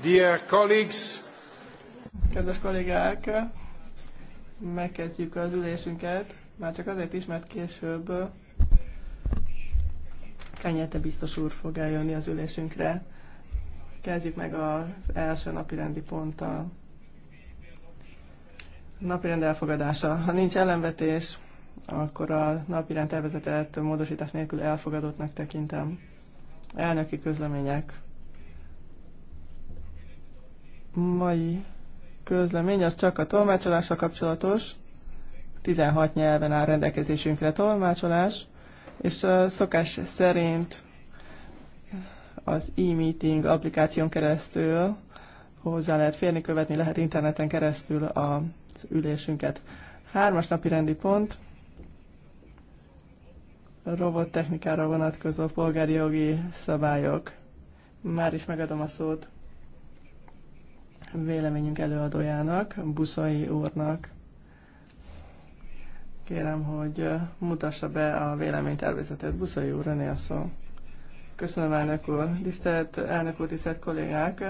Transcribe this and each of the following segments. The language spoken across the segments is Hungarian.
Dear colleagues. Kedves kollégák, megkezdjük az ülésünket, már csak azért is, mert később Kenyete biztos úr fog eljönni az ülésünkre. Kezdjük meg az első napirendi rendi ponttal. Napirend elfogadása. Ha nincs ellenvetés, akkor a napirend tervezetet módosítás nélkül elfogadottnak tekintem. Elnöki közlemények mai közlemény az csak a tolmácsolással kapcsolatos. 16 nyelven áll rendelkezésünkre tolmácsolás, és szokás szerint az e-meeting applikáción keresztül hozzá lehet férni, követni lehet interneten keresztül az ülésünket. Hármas napi rendi pont, robottechnikára vonatkozó polgári jogi szabályok. Már is megadom a szót véleményünk előadójának, Buszai úrnak. Kérem, hogy mutassa be a véleménytervezetet. Buszai úr, a szó. Köszönöm, elnök úr. Tisztelt elnök úr, tisztelt kollégák!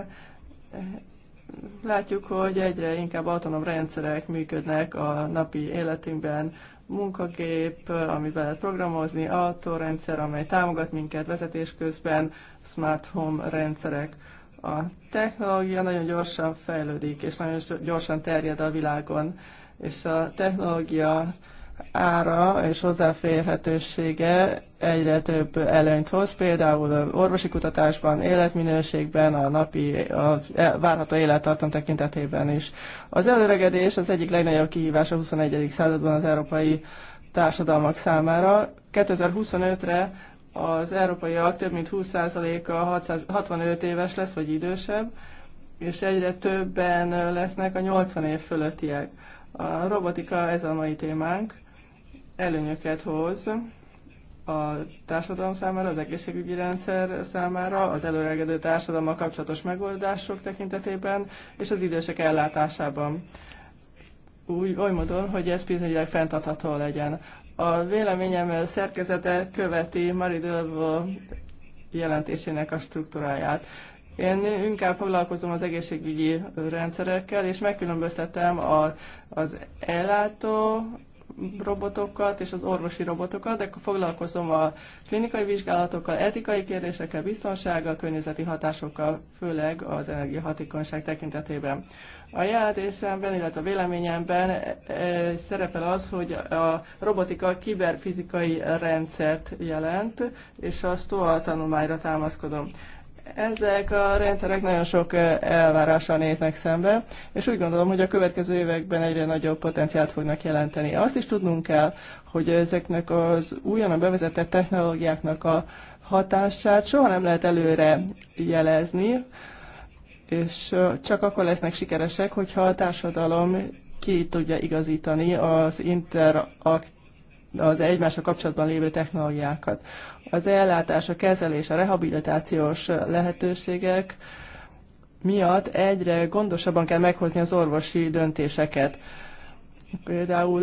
Látjuk, hogy egyre inkább autonóm rendszerek működnek a napi életünkben. Munkagép, amivel lehet programozni, autórendszer, amely támogat minket vezetés közben, smart home rendszerek a technológia nagyon gyorsan fejlődik, és nagyon gyorsan terjed a világon, és a technológia ára és hozzáférhetősége egyre több előnyt hoz, például orvosi kutatásban, életminőségben, a napi a e, várható élettartam tekintetében is. Az előregedés az egyik legnagyobb kihívás a 21. században az európai társadalmak számára. 2025-re az európaiak több mint 20%-a 65 éves lesz, vagy idősebb, és egyre többen lesznek a 80 év fölöttiek. A robotika ez a mai témánk, előnyöket hoz a társadalom számára, az egészségügyi rendszer számára, az előregedő társadalommal kapcsolatos megoldások tekintetében és az idősek ellátásában. Úgy, oly módon, hogy ez pénzügyileg fenntartható legyen. A véleményem szerkezete követi Marie jelentésének a struktúráját. Én inkább foglalkozom az egészségügyi rendszerekkel, és megkülönböztetem a, az ellátó robotokat és az orvosi robotokat, de foglalkozom a klinikai vizsgálatokkal, etikai kérdésekkel, biztonsággal, környezeti hatásokkal, főleg az energiahatékonyság tekintetében. A jelentésemben, illetve a véleményemben e, e, szerepel az, hogy a robotika kiberfizikai rendszert jelent, és a STOA tanulmányra támaszkodom. Ezek a rendszerek nagyon sok e, elvárással néznek szembe, és úgy gondolom, hogy a következő években egyre nagyobb potenciált fognak jelenteni. Azt is tudnunk kell, hogy ezeknek az újonnan bevezetett technológiáknak a hatását soha nem lehet előre jelezni, és csak akkor lesznek sikeresek, hogyha a társadalom ki tudja igazítani az inter az egymásra kapcsolatban lévő technológiákat. Az ellátás, a kezelés, a rehabilitációs lehetőségek miatt egyre gondosabban kell meghozni az orvosi döntéseket. Például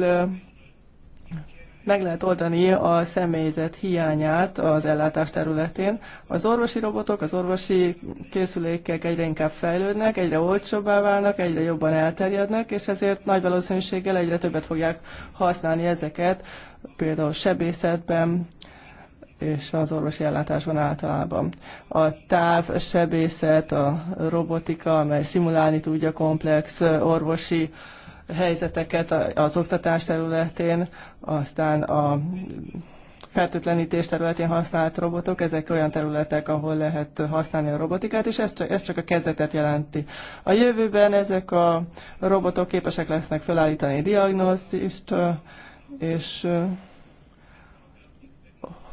meg lehet oldani a személyzet hiányát az ellátás területén. Az orvosi robotok, az orvosi készülékek egyre inkább fejlődnek, egyre olcsóbbá válnak, egyre jobban elterjednek, és ezért nagy valószínűséggel egyre többet fogják használni ezeket, például sebészetben, és az orvosi ellátásban általában. A távsebészet, a robotika, amely szimulálni tudja komplex orvosi helyzeteket az oktatás területén, aztán a fertőtlenítés területén használt robotok, ezek olyan területek, ahol lehet használni a robotikát, és ez csak, ez csak a kezdetet jelenti. A jövőben ezek a robotok képesek lesznek felállítani diagnózist, és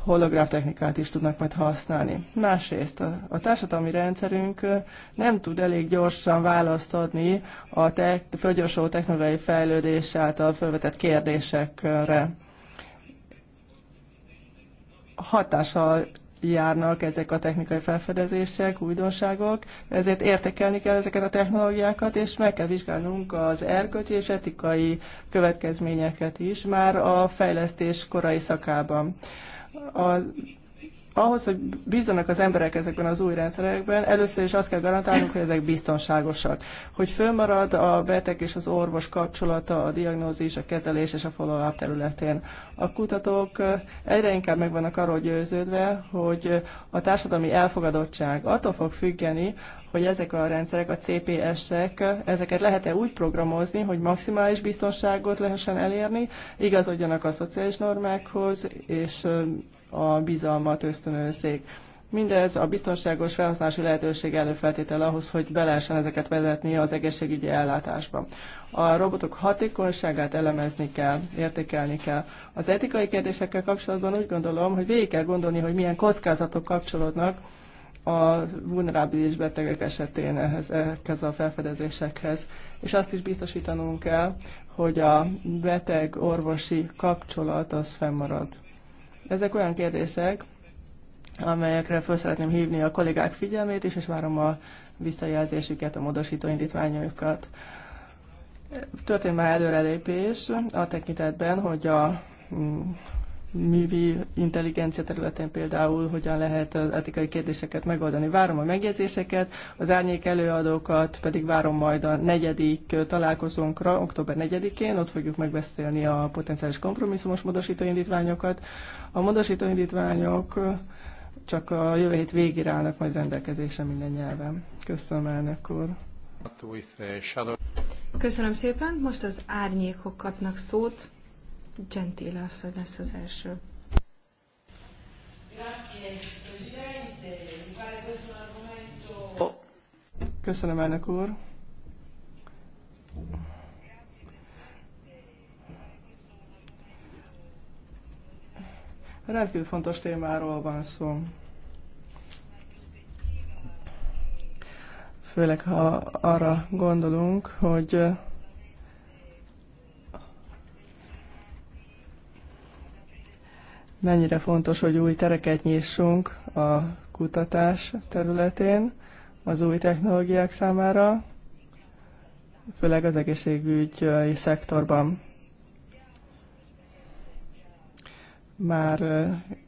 holográf technikát is tudnak majd használni. Másrészt a, a társadalmi rendszerünk nem tud elég gyorsan választ adni a te, fölgyorsuló technológiai fejlődés által felvetett kérdésekre. Hatással járnak ezek a technikai felfedezések, újdonságok, ezért értékelni kell ezeket a technológiákat, és meg kell vizsgálnunk az erkölcsi és etikai következményeket is már a fejlesztés korai szakában a, ahhoz, hogy bízzanak az emberek ezekben az új rendszerekben, először is azt kell garantálnunk, hogy ezek biztonságosak. Hogy fölmarad a beteg és az orvos kapcsolata, a diagnózis, a kezelés és a follow-up területén. A kutatók egyre inkább meg vannak arról győződve, hogy a társadalmi elfogadottság attól fog függeni, hogy ezek a rendszerek, a CPS-ek, ezeket lehet-e úgy programozni, hogy maximális biztonságot lehessen elérni, igazodjanak a szociális normákhoz, és a bizalmat ösztönözzék. Mindez a biztonságos felhasználási lehetőség előfeltétel ahhoz, hogy be lehessen ezeket vezetni az egészségügyi ellátásba. A robotok hatékonyságát elemezni kell, értékelni kell. Az etikai kérdésekkel kapcsolatban úgy gondolom, hogy végig kell gondolni, hogy milyen kockázatok kapcsolódnak a vulnerábilis betegek esetén ehhez, ehhez a felfedezésekhez. És azt is biztosítanunk kell, hogy a beteg-orvosi kapcsolat az fennmarad. Ezek olyan kérdések, amelyekre fel szeretném hívni a kollégák figyelmét is, és várom a visszajelzésüket, a módosító indítványokat. Történt már előrelépés a tekintetben, hogy a művi intelligencia területén például hogyan lehet az etikai kérdéseket megoldani. Várom a megjegyzéseket, az árnyék előadókat pedig várom majd a negyedik találkozónkra, október 4-én, ott fogjuk megbeszélni a potenciális kompromisszumos módosítóindítványokat. A módosítóindítványok csak a jövő hét végére állnak majd rendelkezésre minden nyelven. Köszönöm elnök úr. Uh, Köszönöm szépen, most az árnyékok kapnak szót. Gentile asszony lesz az első. Köszönöm, elnök úr. Rendkívül fontos témáról van szó. Főleg, ha arra gondolunk, hogy mennyire fontos, hogy új tereket nyissunk a kutatás területén az új technológiák számára, főleg az egészségügyi szektorban. Már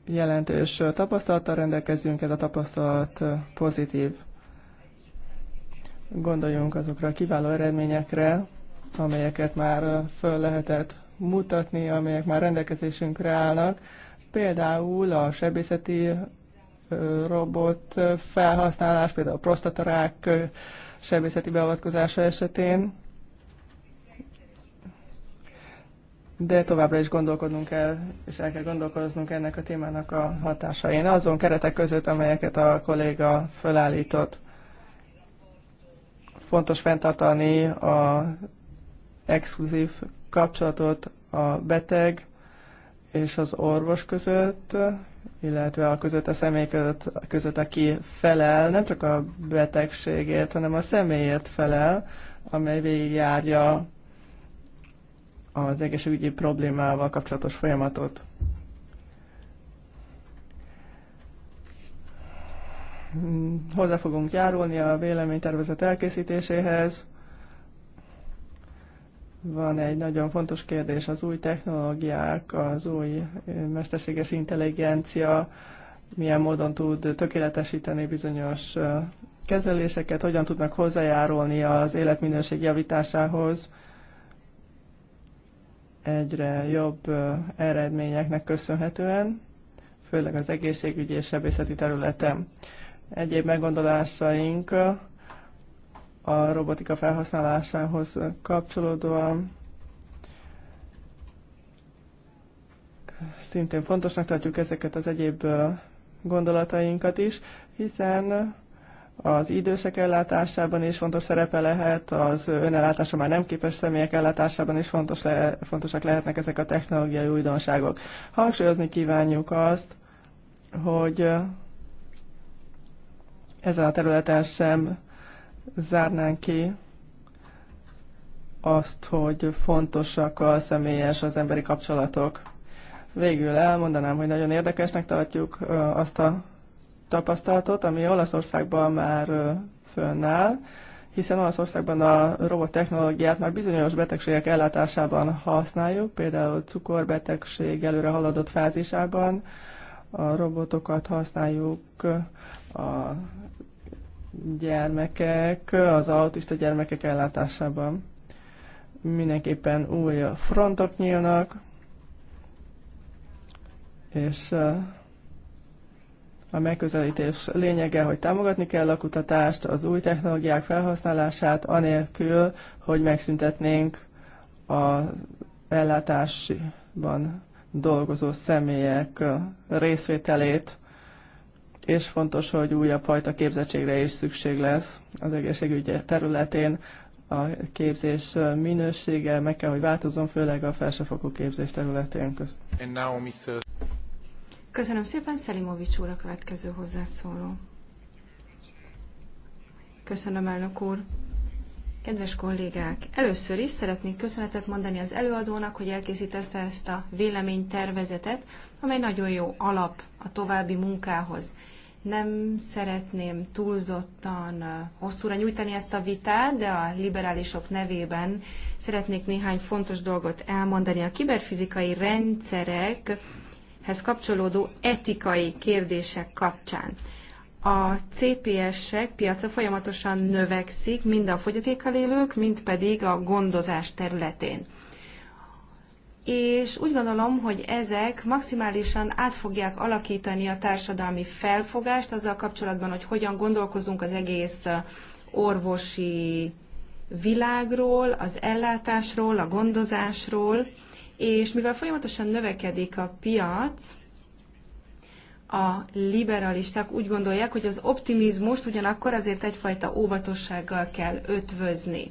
jelentős tapasztalattal rendelkezünk, ez a tapasztalat pozitív. Gondoljunk azokra a kiváló eredményekre, amelyeket már föl lehetett mutatni, amelyek már rendelkezésünkre állnak, Például a sebészeti robot felhasználás, például a prostatarák sebészeti beavatkozása esetén, de továbbra is gondolkodnunk kell, és el kell gondolkoznunk ennek a témának a hatásain, azon keretek között, amelyeket a kolléga felállított. Fontos fenntartani a exkluzív kapcsolatot a beteg és az orvos között, illetve a között a személy között, között, aki felel, nem csak a betegségért, hanem a személyért felel, amely végigjárja az egészségügyi problémával kapcsolatos folyamatot. Hozzá fogunk járulni a véleménytervezet elkészítéséhez, van egy nagyon fontos kérdés, az új technológiák, az új mesterséges intelligencia milyen módon tud tökéletesíteni bizonyos kezeléseket, hogyan tudnak hozzájárulni az életminőség javításához egyre jobb eredményeknek köszönhetően, főleg az egészségügyi és sebészeti területen. Egyéb meggondolásaink a robotika felhasználásához kapcsolódóan szintén fontosnak tartjuk ezeket az egyéb gondolatainkat is, hiszen az idősek ellátásában is fontos szerepe lehet, az önellátása már nem képes személyek ellátásában is fontos le, fontosak lehetnek ezek a technológiai újdonságok. Hangsúlyozni kívánjuk azt, hogy ezen a területen sem zárnánk ki azt, hogy fontosak a személyes, az emberi kapcsolatok. Végül elmondanám, hogy nagyon érdekesnek tartjuk azt a tapasztalatot, ami Olaszországban már fönnáll, hiszen Olaszországban a robottechnológiát már bizonyos betegségek ellátásában használjuk, például cukorbetegség előre haladott fázisában, a robotokat használjuk a gyermekek, az autista gyermekek ellátásában. Mindenképpen új frontok nyílnak, és eh, a megközelítés lényege, hogy támogatni kell a kutatást, az új technológiák felhasználását, anélkül, hogy megszüntetnénk a ellátásban dolgozó személyek eh, részvételét és fontos, hogy újabb fajta képzettségre is szükség lesz az egészségügy területén. A képzés minősége meg kell, hogy változzon, főleg a felsőfokú képzés területén Köszönöm, Köszönöm szépen, Szelimovics úr a következő hozzászóló. Köszönöm, elnök úr. Kedves kollégák, először is szeretnék köszönetet mondani az előadónak, hogy elkészítette ezt a véleménytervezetet, amely nagyon jó alap a további munkához. Nem szeretném túlzottan hosszúra nyújtani ezt a vitát, de a liberálisok nevében szeretnék néhány fontos dolgot elmondani. A kiberfizikai rendszerekhez kapcsolódó etikai kérdések kapcsán. A CPS-ek piaca folyamatosan növekszik, mind a fogyatékkal élők, mind pedig a gondozás területén és úgy gondolom, hogy ezek maximálisan át fogják alakítani a társadalmi felfogást azzal kapcsolatban, hogy hogyan gondolkozunk az egész orvosi világról, az ellátásról, a gondozásról, és mivel folyamatosan növekedik a piac, a liberalisták úgy gondolják, hogy az optimizmust ugyanakkor azért egyfajta óvatossággal kell ötvözni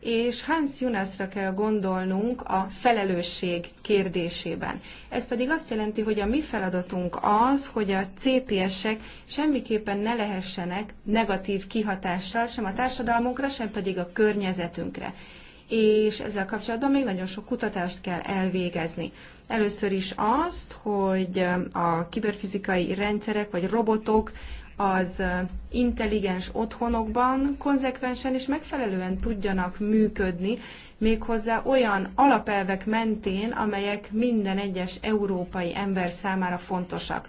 és Hans Jonasra kell gondolnunk a felelősség kérdésében. Ez pedig azt jelenti, hogy a mi feladatunk az, hogy a CPS-ek semmiképpen ne lehessenek negatív kihatással sem a társadalmunkra, sem pedig a környezetünkre. És ezzel kapcsolatban még nagyon sok kutatást kell elvégezni. Először is azt, hogy a kiberfizikai rendszerek vagy robotok az intelligens otthonokban konzekvensen és megfelelően tudjanak működni, méghozzá olyan alapelvek mentén, amelyek minden egyes európai ember számára fontosak.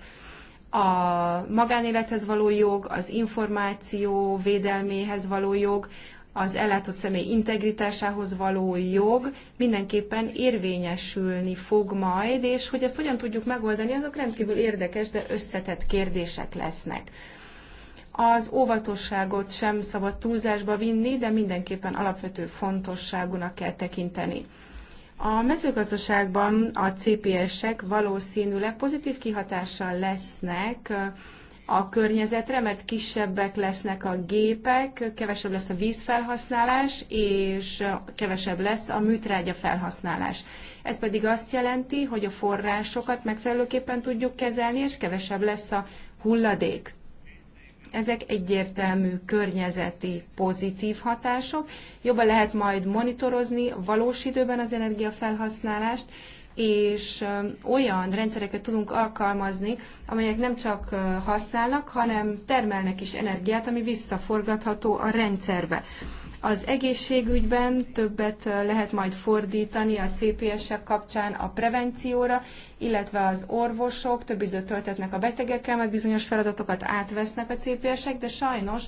A magánélethez való jog, az információ védelméhez való jog, az ellátott személy integritásához való jog mindenképpen érvényesülni fog majd, és hogy ezt hogyan tudjuk megoldani, azok rendkívül érdekes, de összetett kérdések lesznek. Az óvatosságot sem szabad túlzásba vinni, de mindenképpen alapvető fontosságúnak kell tekinteni. A mezőgazdaságban a CPS-ek valószínűleg pozitív kihatással lesznek a környezetre, mert kisebbek lesznek a gépek, kevesebb lesz a vízfelhasználás, és kevesebb lesz a műtrágya felhasználás. Ez pedig azt jelenti, hogy a forrásokat megfelelőképpen tudjuk kezelni, és kevesebb lesz a hulladék. Ezek egyértelmű környezeti pozitív hatások. Jobban lehet majd monitorozni valós időben az energiafelhasználást, és olyan rendszereket tudunk alkalmazni, amelyek nem csak használnak, hanem termelnek is energiát, ami visszaforgatható a rendszerbe. Az egészségügyben többet lehet majd fordítani a CPS-ek kapcsán a prevencióra, illetve az orvosok több időt töltetnek a betegekkel, mert bizonyos feladatokat átvesznek a CPS-ek, de sajnos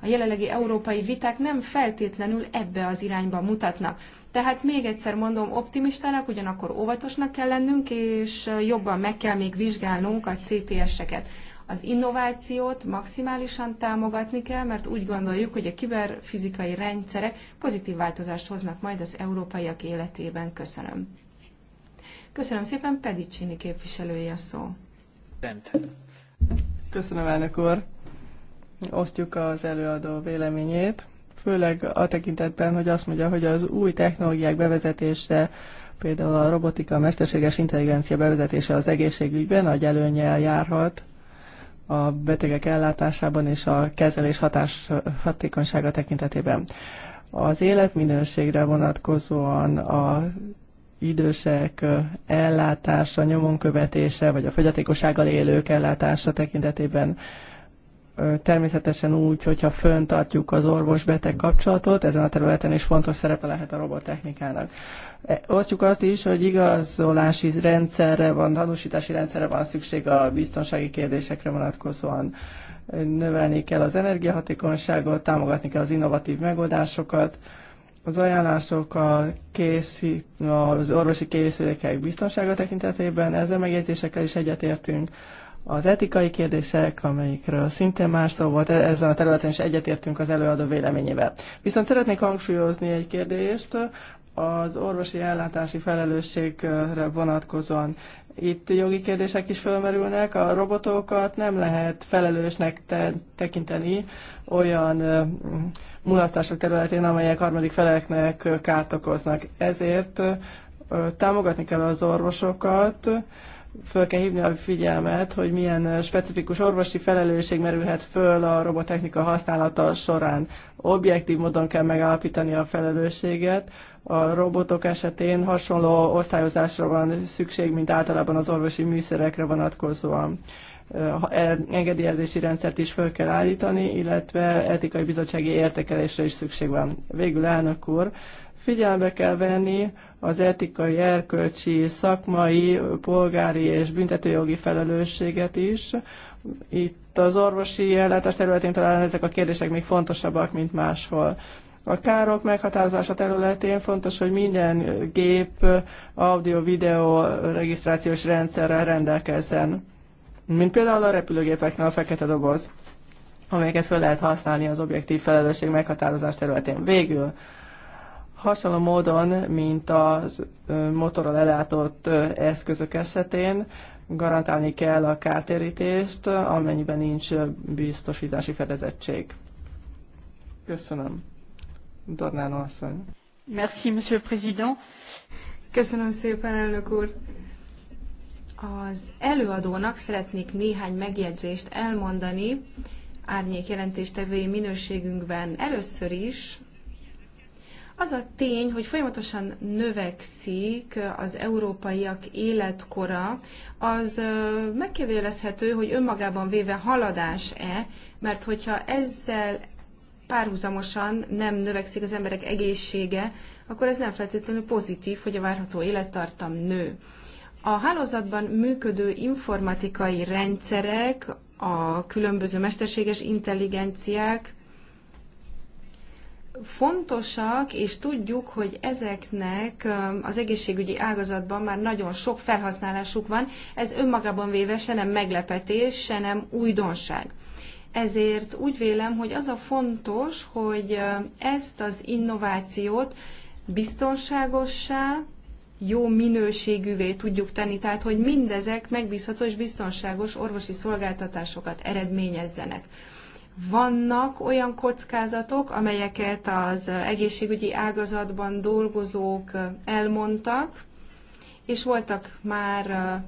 a jelenlegi európai viták nem feltétlenül ebbe az irányba mutatnak. Tehát még egyszer mondom, optimistának, ugyanakkor óvatosnak kell lennünk, és jobban meg kell még vizsgálnunk a CPS-eket. Az innovációt maximálisan támogatni kell, mert úgy gondoljuk, hogy a kiberfizikai rendszerek pozitív változást hoznak majd az európaiak életében. Köszönöm. Köszönöm szépen, Pedicsini képviselője a szó. Köszönöm, elnök úr. Osztjuk az előadó véleményét, főleg a tekintetben, hogy azt mondja, hogy az új technológiák bevezetése, például a robotika, a mesterséges intelligencia bevezetése az egészségügyben nagy előnyel járhat, a betegek ellátásában és a kezelés hatás, hatékonysága tekintetében. Az életminőségre vonatkozóan a idősek ellátása, nyomonkövetése, vagy a fogyatékossággal élők ellátása tekintetében természetesen úgy, hogyha föntartjuk az orvos-beteg kapcsolatot, ezen a területen is fontos szerepe lehet a robottechnikának. E, osztjuk azt is, hogy igazolási rendszerre van, tanúsítási rendszerre van szükség a biztonsági kérdésekre vonatkozóan. Növelni kell az energiahatékonyságot, támogatni kell az innovatív megoldásokat, az ajánlások a készít, az orvosi készülékek biztonsága tekintetében, ezzel megjegyzésekkel is egyetértünk az etikai kérdések, amelyikről szintén már szó volt, e- ezen a területen is egyetértünk az előadó véleményével. Viszont szeretnék hangsúlyozni egy kérdést, az orvosi ellátási felelősségre vonatkozóan. Itt jogi kérdések is felmerülnek, a robotokat nem lehet felelősnek te- tekinteni olyan mulasztások területén, amelyek harmadik feleknek kárt okoznak. Ezért támogatni kell az orvosokat, föl kell hívni a figyelmet, hogy milyen specifikus orvosi felelősség merülhet föl a robotechnika használata során. Objektív módon kell megállapítani a felelősséget. A robotok esetén hasonló osztályozásra van szükség, mint általában az orvosi műszerekre vonatkozóan. E, engedélyezési rendszert is föl kell állítani, illetve etikai bizottsági értékelésre is szükség van. Végül elnök úr, figyelme kell venni az etikai, erkölcsi, szakmai, polgári és büntetőjogi felelősséget is. Itt az orvosi ellátás területén talán ezek a kérdések még fontosabbak, mint máshol. A károk meghatározása területén fontos, hogy minden gép audio-video regisztrációs rendszerrel rendelkezzen, mint például a repülőgépeknél a fekete doboz, amelyeket fel lehet használni az objektív felelősség meghatározás területén. Végül hasonló módon, mint a motorral ellátott eszközök esetén garantálni kell a kártérítést, amennyiben nincs biztosítási fedezettség. Köszönöm. Dornán asszony. Merci, monsieur le président. Köszönöm szépen, elnök úr. Az előadónak szeretnék néhány megjegyzést elmondani árnyék jelentéstevői minőségünkben. Először is az a tény, hogy folyamatosan növekszik az európaiak életkora, az megkérdőjelezhető, hogy önmagában véve haladás-e, mert hogyha ezzel párhuzamosan nem növekszik az emberek egészsége, akkor ez nem feltétlenül pozitív, hogy a várható élettartam nő. A hálózatban működő informatikai rendszerek, a különböző mesterséges intelligenciák, fontosak, és tudjuk, hogy ezeknek az egészségügyi ágazatban már nagyon sok felhasználásuk van. Ez önmagában véve se nem meglepetés, se nem újdonság. Ezért úgy vélem, hogy az a fontos, hogy ezt az innovációt biztonságossá, jó minőségűvé tudjuk tenni, tehát hogy mindezek megbízható és biztonságos orvosi szolgáltatásokat eredményezzenek. Vannak olyan kockázatok, amelyeket az egészségügyi ágazatban dolgozók elmondtak, és voltak már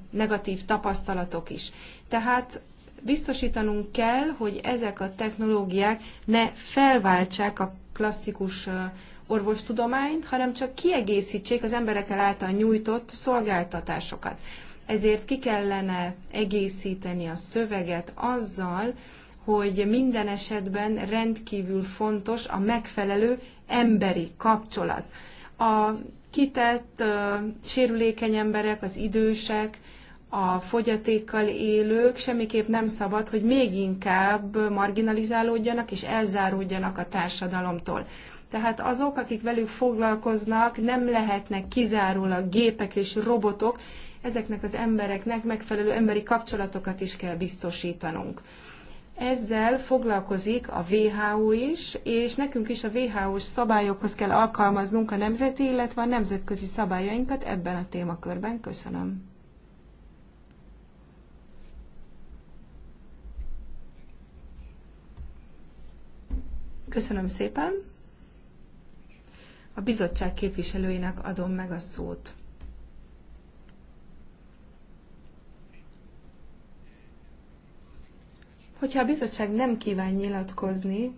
negatív tapasztalatok is. Tehát biztosítanunk kell, hogy ezek a technológiák ne felváltsák a klasszikus orvostudományt, hanem csak kiegészítsék az emberekkel által nyújtott szolgáltatásokat. Ezért ki kellene egészíteni a szöveget azzal, hogy minden esetben rendkívül fontos a megfelelő emberi kapcsolat. A kitett sérülékeny emberek, az idősek, a fogyatékkal élők semmiképp nem szabad, hogy még inkább marginalizálódjanak és elzáródjanak a társadalomtól. Tehát azok, akik velük foglalkoznak, nem lehetnek kizárólag gépek és robotok, ezeknek az embereknek megfelelő emberi kapcsolatokat is kell biztosítanunk. Ezzel foglalkozik a WHO is, és nekünk is a WHO-s szabályokhoz kell alkalmaznunk a nemzeti, illetve a nemzetközi szabályainkat ebben a témakörben. Köszönöm. Köszönöm szépen. A bizottság képviselőinek adom meg a szót. Hogyha a bizottság nem kíván nyilatkozni,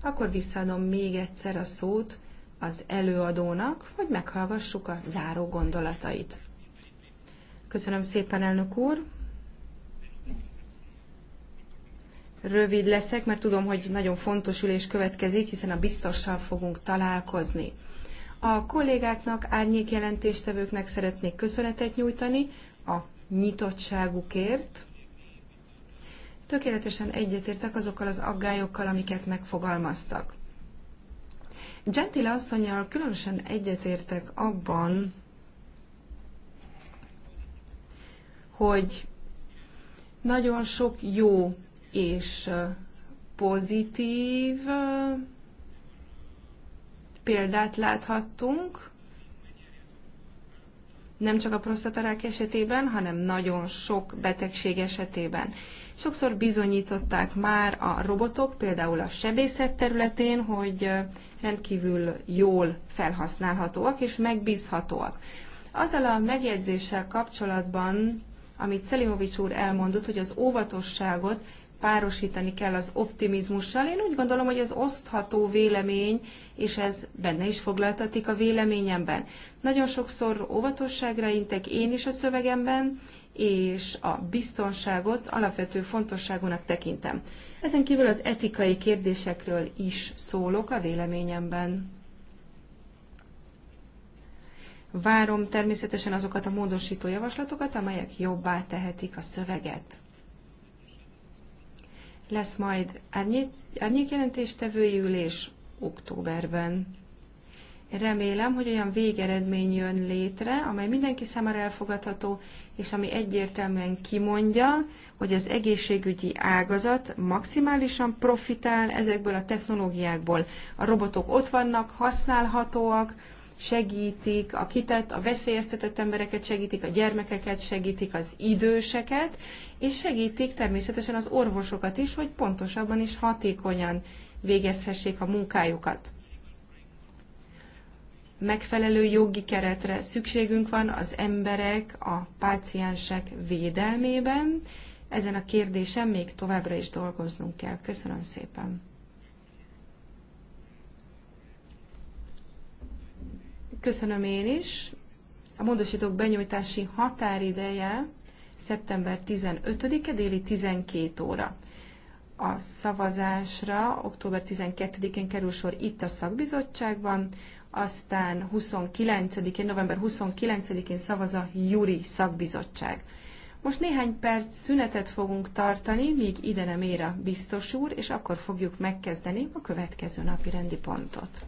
akkor visszaadom még egyszer a szót az előadónak, hogy meghallgassuk a záró gondolatait. Köszönöm szépen, elnök úr! Rövid leszek, mert tudom, hogy nagyon fontos ülés következik, hiszen a biztossal fogunk találkozni. A kollégáknak, árnyék jelentéstevőknek szeretnék köszönetet nyújtani a nyitottságukért, tökéletesen egyetértek azokkal az aggályokkal, amiket megfogalmaztak. Gentile asszonyjal különösen egyetértek abban, hogy nagyon sok jó és pozitív példát láthattunk, nem csak a prostatarák esetében, hanem nagyon sok betegség esetében. Sokszor bizonyították már a robotok, például a sebészet területén, hogy rendkívül jól felhasználhatóak és megbízhatóak. Azzal a megjegyzéssel kapcsolatban, amit Szelimovics úr elmondott, hogy az óvatosságot párosítani kell az optimizmussal. Én úgy gondolom, hogy ez osztható vélemény, és ez benne is foglaltatik a véleményemben. Nagyon sokszor óvatosságra intek én is a szövegemben, és a biztonságot alapvető fontosságúnak tekintem. Ezen kívül az etikai kérdésekről is szólok a véleményemben. Várom természetesen azokat a módosító javaslatokat, amelyek jobbá tehetik a szöveget. Lesz majd árnyékjelentéstevői ülés októberben. Remélem, hogy olyan végeredmény jön létre, amely mindenki számára elfogadható, és ami egyértelműen kimondja, hogy az egészségügyi ágazat maximálisan profitál ezekből a technológiákból. A robotok ott vannak, használhatóak, segítik a kitett, a veszélyeztetett embereket, segítik a gyermekeket, segítik az időseket, és segítik természetesen az orvosokat is, hogy pontosabban és hatékonyan végezhessék a munkájukat megfelelő jogi keretre szükségünk van az emberek, a páciensek védelmében. Ezen a kérdésen még továbbra is dolgoznunk kell. Köszönöm szépen! Köszönöm én is. A módosítók benyújtási határideje szeptember 15-e déli 12 óra. A szavazásra október 12-én kerül sor itt a szakbizottságban, aztán 29-én, november 29-én szavaz a Júri szakbizottság. Most néhány perc szünetet fogunk tartani, míg ide nem ér a biztos úr, és akkor fogjuk megkezdeni a következő napi rendi pontot.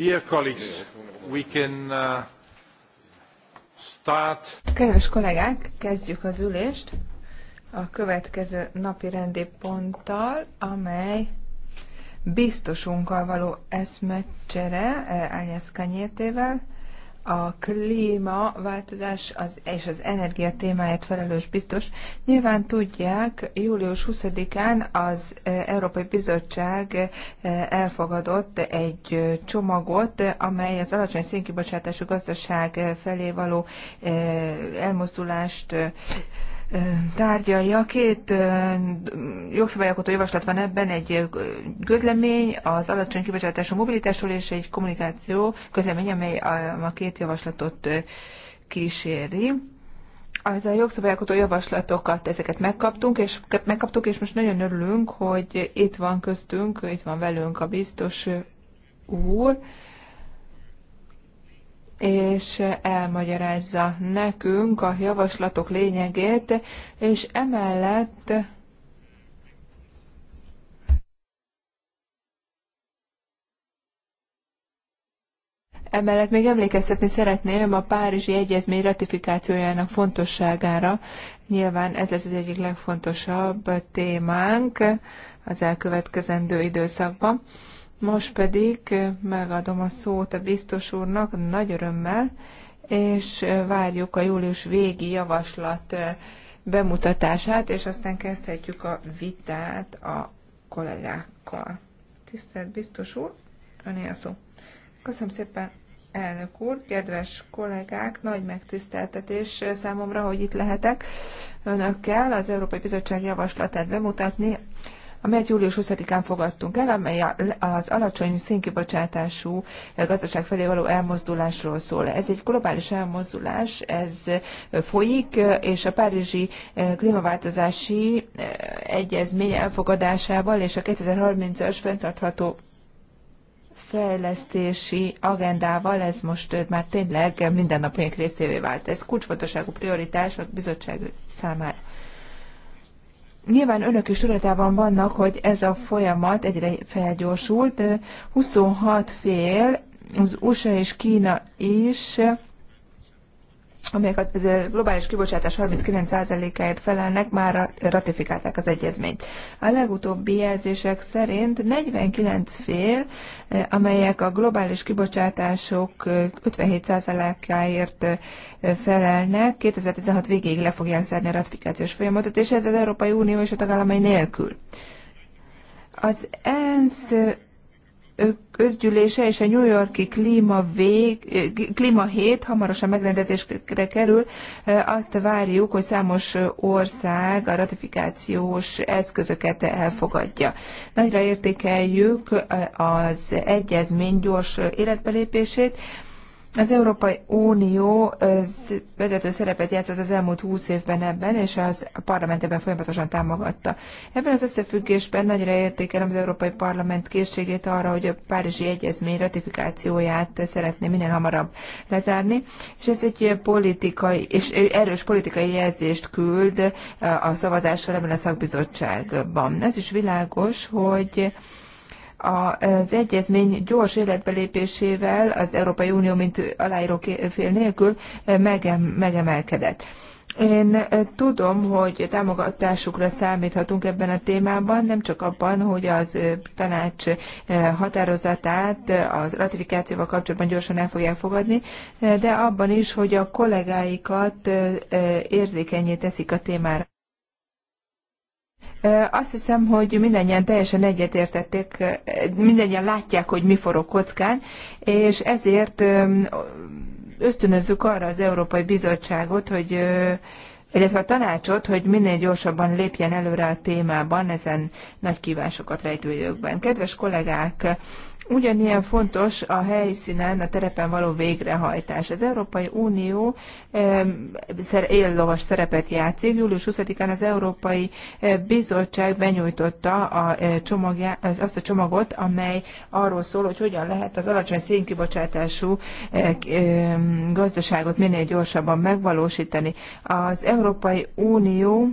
Uh, Kedves kollégák, kezdjük az ülést a következő napi rendi ponttal, amely biztosunkkal való eszmecsere, eh, Ágyász Kanyétével a klímaváltozás az, és az energia témáját felelős biztos. Nyilván tudják, július 20-án az e, Európai Bizottság e, elfogadott egy e, csomagot, amely az alacsony szénkibocsátású gazdaság felé való elmozdulást tárgyalja. Két jogszabályalkotó javaslat van ebben, egy közlemény az alacsony kibocsátású mobilitásról és egy kommunikáció közlemény, amely a két javaslatot kíséri. Az a jogszabályalkotó javaslatokat, ezeket megkaptunk, és megkaptuk, és most nagyon örülünk, hogy itt van köztünk, itt van velünk a biztos úr, és elmagyarázza nekünk a javaslatok lényegét, és emellett Emellett még emlékeztetni szeretném a Párizsi Egyezmény ratifikációjának fontosságára. Nyilván ez lesz az egyik legfontosabb témánk az elkövetkezendő időszakban. Most pedig megadom a szót a biztos úrnak nagy örömmel, és várjuk a július végi javaslat bemutatását, és aztán kezdhetjük a vitát a kollégákkal. Tisztelt biztos úr, öné a szó. Köszönöm szépen, elnök úr, kedves kollégák, nagy megtiszteltetés számomra, hogy itt lehetek önökkel az Európai Bizottság javaslatát bemutatni amelyet július 20-án fogadtunk el, amely az alacsony szénkibocsátású gazdaság felé való elmozdulásról szól. Ez egy globális elmozdulás, ez folyik, és a Párizsi eh, klímaváltozási eh, egyezmény elfogadásával és a 2030-as fenntartható fejlesztési agendával ez most eh, már tényleg mindennapjánk részévé vált. Ez kulcsfontosságú prioritás a bizottság számára. Nyilván önök is tudatában vannak, hogy ez a folyamat egyre felgyorsult. 26 fél, az USA és Kína is amelyek a globális kibocsátás 39%-áért felelnek, már ratifikálták az egyezményt. A legutóbbi jelzések szerint 49 fél, eh, amelyek a globális kibocsátások 57%-áért eh, eh, felelnek, 2016 végéig le fogják zárni a ratifikációs folyamatot, és ez az Európai Unió és a tagállamai nélkül. Az ENSZ közgyűlése és a New Yorki klíma, vég, klíma hét hamarosan megrendezésre kerül. Azt várjuk, hogy számos ország a ratifikációs eszközöket elfogadja. Nagyra értékeljük az egyezmény gyors életbelépését, az Európai Unió vezető szerepet játszott az elmúlt húsz évben ebben, és az a parlament ebben folyamatosan támogatta. Ebben az összefüggésben nagyra értékelem az Európai Parlament készségét arra, hogy a Párizsi Egyezmény ratifikációját szeretné minél hamarabb lezárni, és ez egy politikai, és erős politikai jelzést küld a szavazással ebben a szakbizottságban. Ez is világos, hogy az egyezmény gyors életbelépésével az Európai Unió, mint aláíró fél nélkül megemelkedett. Én tudom, hogy támogatásukra számíthatunk ebben a témában, nem csak abban, hogy az tanács határozatát az ratifikációval kapcsolatban gyorsan el fogják fogadni, de abban is, hogy a kollégáikat érzékenyé teszik a témára. Azt hiszem, hogy mindannyian teljesen egyetértették, mindannyian látják, hogy mi forog kockán, és ezért ösztönözzük arra az Európai Bizottságot, hogy illetve a tanácsot, hogy minél gyorsabban lépjen előre a témában ezen nagy kívánsokat rejtő időkben. Kedves kollégák, Ugyanilyen fontos a helyszínen, a terepen való végrehajtás. Az Európai Unió éllovas szerepet játszik. Július 20-án az Európai eh, Bizottság benyújtotta a eh, csomagjá, azt a csomagot, amely arról szól, hogy hogyan lehet az alacsony szénkibocsátású eh, gazdaságot minél gyorsabban megvalósítani. Az Európai Unió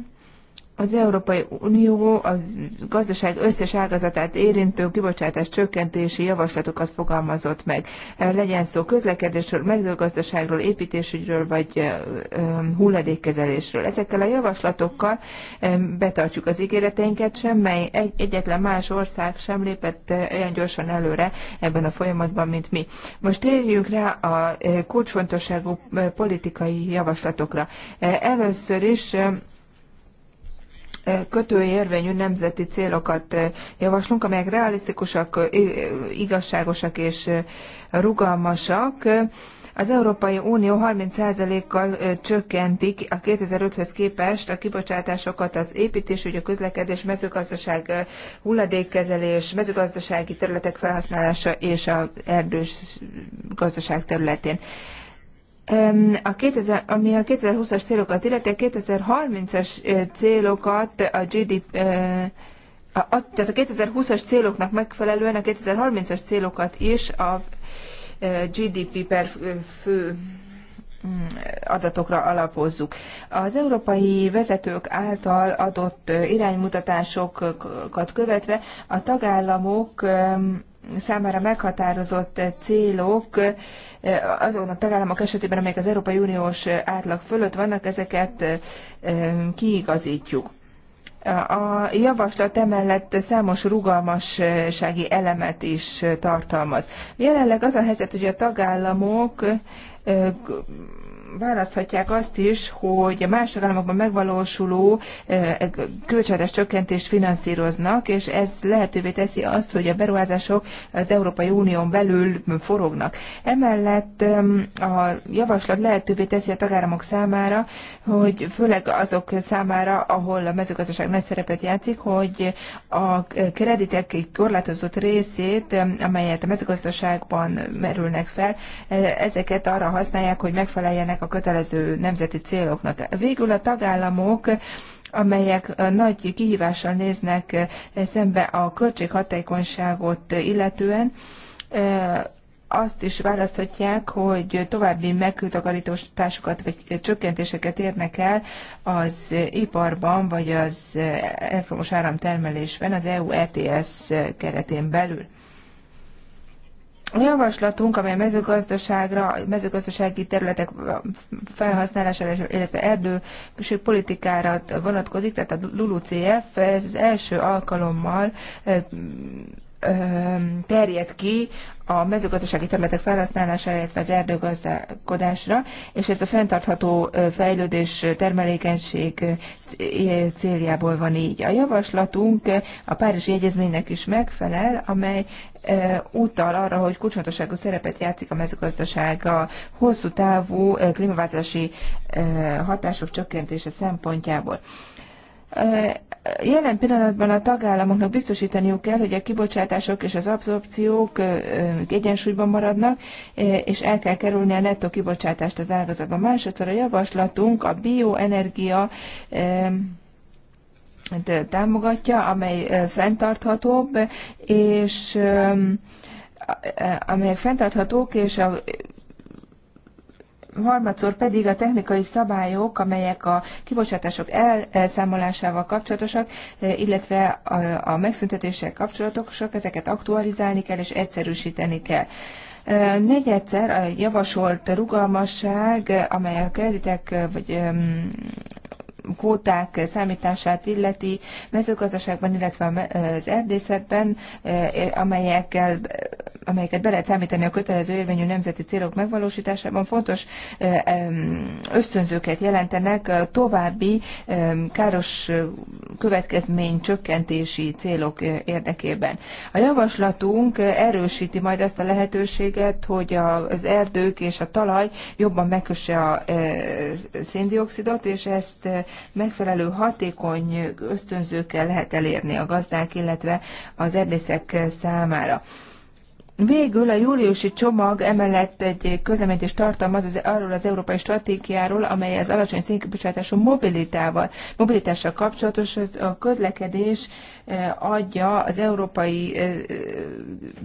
az Európai Unió az gazdaság összes ágazatát érintő kibocsátás csökkentési javaslatokat fogalmazott meg. Eh, legyen szó közlekedésről, mezőgazdaságról, építésügyről vagy eh, hulladékkezelésről. Ezekkel a javaslatokkal betartjuk az ígéreteinket, semmely egyetlen más ország sem lépett eh, olyan gyorsan előre ebben a folyamatban, mint mi. Most térjünk rá a kulcsfontosságú politikai javaslatokra. Először is kötőérvényű nemzeti célokat javaslunk, amelyek realisztikusak, igazságosak és rugalmasak. Az Európai Unió 30%-kal csökkentik a 2005-höz képest a kibocsátásokat az építésügy, a közlekedés, mezőgazdaság, hulladékkezelés, mezőgazdasági területek felhasználása és a erdős gazdaság területén. A 2000, ami a 2020-as célokat illeti, a 2030-as célokat a GDP, a, tehát a 2020-as céloknak megfelelően a 2030-as célokat is a GDP per fő mm, adatokra alapozzuk. Az európai vezetők által adott iránymutatásokat követve a tagállamok számára meghatározott célok eh, azon a tagállamok esetében, amelyek az Európai Uniós átlag fölött vannak, ezeket eh, kiigazítjuk. A javaslat emellett számos rugalmassági elemet is tartalmaz. Jelenleg az a helyzet, hogy a tagállamok eh, választhatják azt is, hogy a más tagállamokban megvalósuló költséges csökkentést finanszíroznak, és ez lehetővé teszi azt, hogy a beruházások az Európai Unión belül forognak. Emellett a javaslat lehetővé teszi a tagállamok számára, hogy főleg azok számára, ahol a mezőgazdaság nagy szerepet játszik, hogy a kreditek egy korlátozott részét, amelyet a mezőgazdaságban merülnek fel, ezeket arra használják, hogy megfeleljenek a a kötelező nemzeti céloknak. Végül a tagállamok amelyek nagy kihívással néznek szembe a költséghatékonyságot illetően, e, azt is választhatják, hogy további megtakarításokat vagy csökkentéseket érnek el az iparban, vagy az elektromos áramtermelésben, az EU ETS keretén belül. A javaslatunk, amely mezőgazdaságra, mezőgazdasági területek felhasználására, illetve erdő politikára vonatkozik, tehát a LULUCF, ez az első alkalommal terjed ki a mezőgazdasági területek felhasználására, illetve az erdőgazdálkodásra, és ez a fenntartható fejlődés termelékenység céljából van így. A javaslatunk a Párizsi Egyezménynek is megfelel, amely utal arra, hogy kulcsfontosságú szerepet játszik a mezőgazdaság a hosszú távú klímaváltozási hatások csökkentése szempontjából. Jelen pillanatban a tagállamoknak biztosítaniuk kell, hogy a kibocsátások és az abszorpciók egyensúlyban maradnak, és el kell kerülni a nettó kibocsátást az ágazatban. Másodszor a javaslatunk a bioenergia támogatja, amely fenntarthatóbb, és amelyek fenntarthatók, és a harmadszor pedig a technikai szabályok, amelyek a kibocsátások elszámolásával kapcsolatosak, illetve a megszüntetések kapcsolatosak, ezeket aktualizálni kell és egyszerűsíteni kell. Negyedszer a javasolt rugalmasság, amely a kreditek vagy kvóták számítását illeti mezőgazdaságban, illetve az erdészetben, eh, amelyekkel amelyeket be lehet számítani a kötelező érvényű nemzeti célok megvalósításában, fontos ösztönzőket jelentenek további káros következmény csökkentési célok érdekében. A javaslatunk erősíti majd ezt a lehetőséget, hogy az erdők és a talaj jobban megkösse a széndiokszidot, és ezt megfelelő hatékony ösztönzőkkel lehet elérni a gazdák, illetve az erdészek számára. Végül a júliusi csomag emellett egy közleményt is tartalmaz az, arról az európai stratégiáról, amely az alacsony szénkibocsátású mobilitával, mobilitással kapcsolatos a közlekedés eh, adja az európai eh,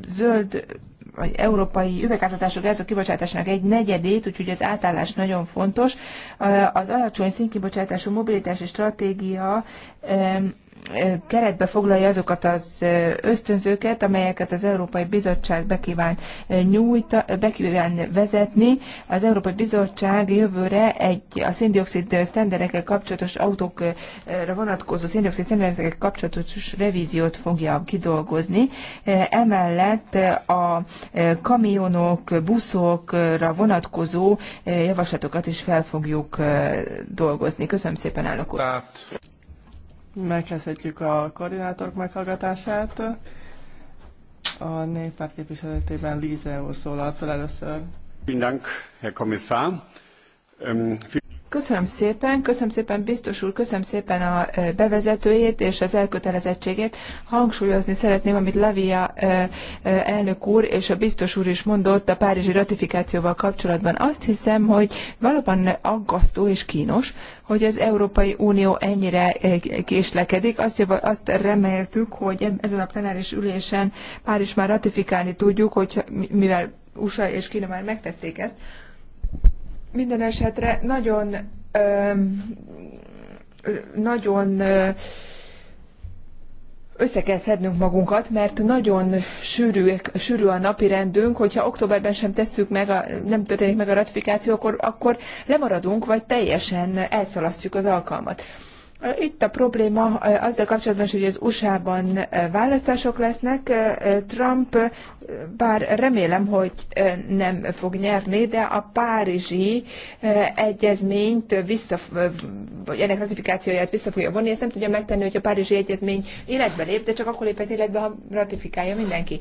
zöld vagy európai üvegházhatású gázok kibocsátásának egy negyedét, úgyhogy az átállás nagyon fontos. Eh, az alacsony szénkibocsátású mobilitási stratégia keretbe foglalja azokat az ösztönzőket, amelyeket az Európai Bizottság bekíván, nyújta, bekíván vezetni. Az Európai Bizottság jövőre egy a széndiokszid sztenderekkel kapcsolatos autókra vonatkozó széndiokszid sztenderekkel kapcsolatos revíziót fogja kidolgozni. Emellett a kamionok, buszokra vonatkozó javaslatokat is fel fogjuk dolgozni. Köszönöm szépen, állok úr. Megkezdhetjük a koordinátorok meghallgatását. A néppárt képviseletében Líze úr szólal fel először. Vielen Dank, Herr Kommissar. Ähm, Köszönöm szépen, köszönöm szépen biztos úr, köszönöm szépen a e, bevezetőjét és az elkötelezettségét. Hangsúlyozni szeretném, amit Lavia e, e, elnök úr és a biztos úr is mondott a párizsi ratifikációval kapcsolatban. Azt hiszem, hogy valóban aggasztó és kínos, hogy az Európai Unió ennyire késlekedik. Azt, azt reméltük, hogy ezen a plenáris ülésen Párizs már ratifikálni tudjuk, hogy mivel USA és Kína már megtették ezt, minden esetre nagyon, nagyon össze kell szednünk magunkat, mert nagyon sűrű, sűrű a napi rendünk, hogyha októberben sem tesszük meg, a, nem történik meg a ratifikáció, akkor, akkor lemaradunk, vagy teljesen elszalasztjuk az alkalmat. Itt a probléma eh, azzal kapcsolatban hogy az USA-ban eh, választások lesznek. Eh, Trump, bár remélem, hogy nem fog nyerni, de a párizsi egyezményt vissza, vagy ennek ratifikációját vissza fogja vonni. Ezt nem tudja megtenni, hogy a párizsi egyezmény életbe lép, de csak akkor lépett életbe, ha ratifikálja mindenki.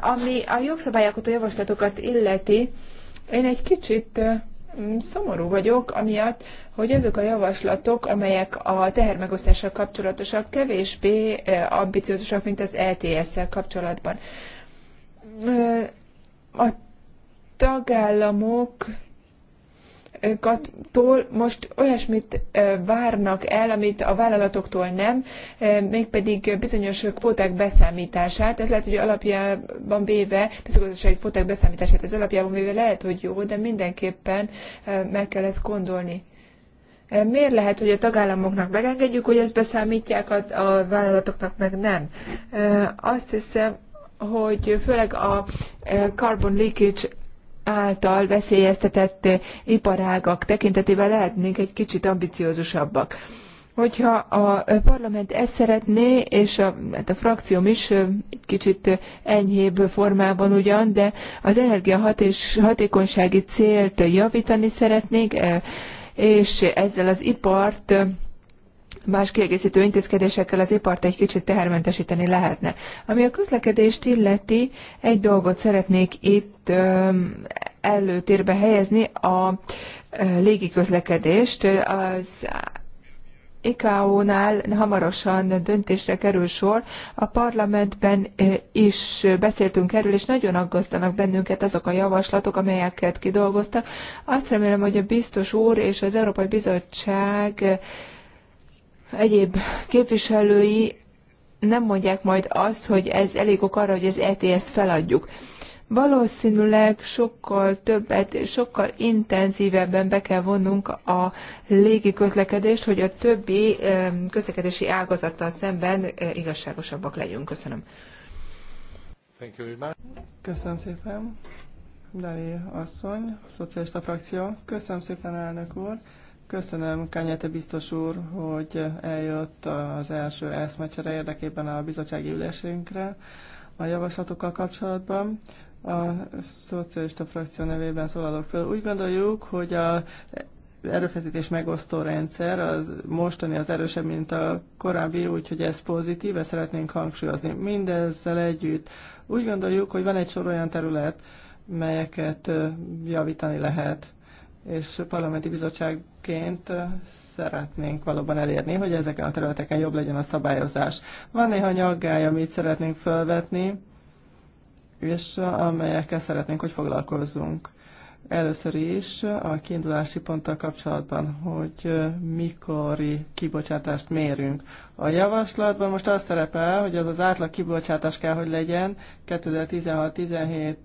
Ami a jogszabályalkotó javaslatokat illeti, én egy kicsit Mm, szomorú vagyok, amiatt, hogy azok a javaslatok, amelyek a tehermegosztással kapcsolatosak, kevésbé eh, ambiciózusak, mint az LTS-szel e kapcsolatban. Mm, a tagállamok vállalatoktól most olyasmit várnak el, amit a vállalatoktól nem, mégpedig bizonyos kvóták beszámítását. Ez lehet, hogy alapjában véve, mezőgazdasági kvóták beszámítását, ez alapjában véve lehet, hogy jó, de mindenképpen meg kell ezt gondolni. Miért lehet, hogy a tagállamoknak megengedjük, hogy ezt beszámítják, a, a vállalatoknak meg nem? Azt hiszem, hogy főleg a carbon leakage által veszélyeztetett iparágak tekintetében lehetnénk egy kicsit ambiciózusabbak. Hogyha a parlament ezt szeretné, és a, hát a frakcióm is egy kicsit enyhébb formában ugyan, de az energia hat és hatékonysági célt javítani szeretnénk, e, és ezzel az ipart más kiegészítő intézkedésekkel az ipart egy kicsit tehermentesíteni lehetne. Ami a közlekedést illeti, egy dolgot szeretnék itt előtérbe helyezni, a légiközlekedést. Az ICAO-nál hamarosan döntésre kerül sor. A parlamentben is beszéltünk erről, és nagyon aggasztanak bennünket azok a javaslatok, amelyeket kidolgoztak. Azt remélem, hogy a biztos úr és az Európai Bizottság egyéb képviselői nem mondják majd azt, hogy ez elég ok arra, hogy az ETS-t feladjuk. Valószínűleg sokkal többet, sokkal intenzívebben be kell vonnunk a légi közlekedést, hogy a többi közlekedési ágazattal szemben eh, igazságosabbak legyünk. Köszönöm. Köszönöm szépen. Dali asszony, szocialista frakció. Köszönöm szépen, elnök úr. Köszönöm, Kányete biztos úr, hogy eljött az első eszmecsere érdekében a bizottsági ülésünkre a javaslatokkal kapcsolatban. A szocialista frakció nevében szólalok föl. Úgy gondoljuk, hogy a erőfeszítés megosztó rendszer, az mostani az erősebb, mint a korábbi, úgyhogy ez pozitív, ezt szeretnénk hangsúlyozni. Mindezzel együtt úgy gondoljuk, hogy van egy sor olyan terület, melyeket javítani lehet és parlamenti bizottságként szeretnénk valóban elérni, hogy ezeken a területeken jobb legyen a szabályozás. Van néhány aggály, amit szeretnénk felvetni, és amelyekkel szeretnénk, hogy foglalkozzunk. Először is a kiindulási ponttal kapcsolatban, hogy mikori kibocsátást mérünk. A javaslatban most az szerepel, hogy az az átlag kibocsátás kell, hogy legyen 2016-17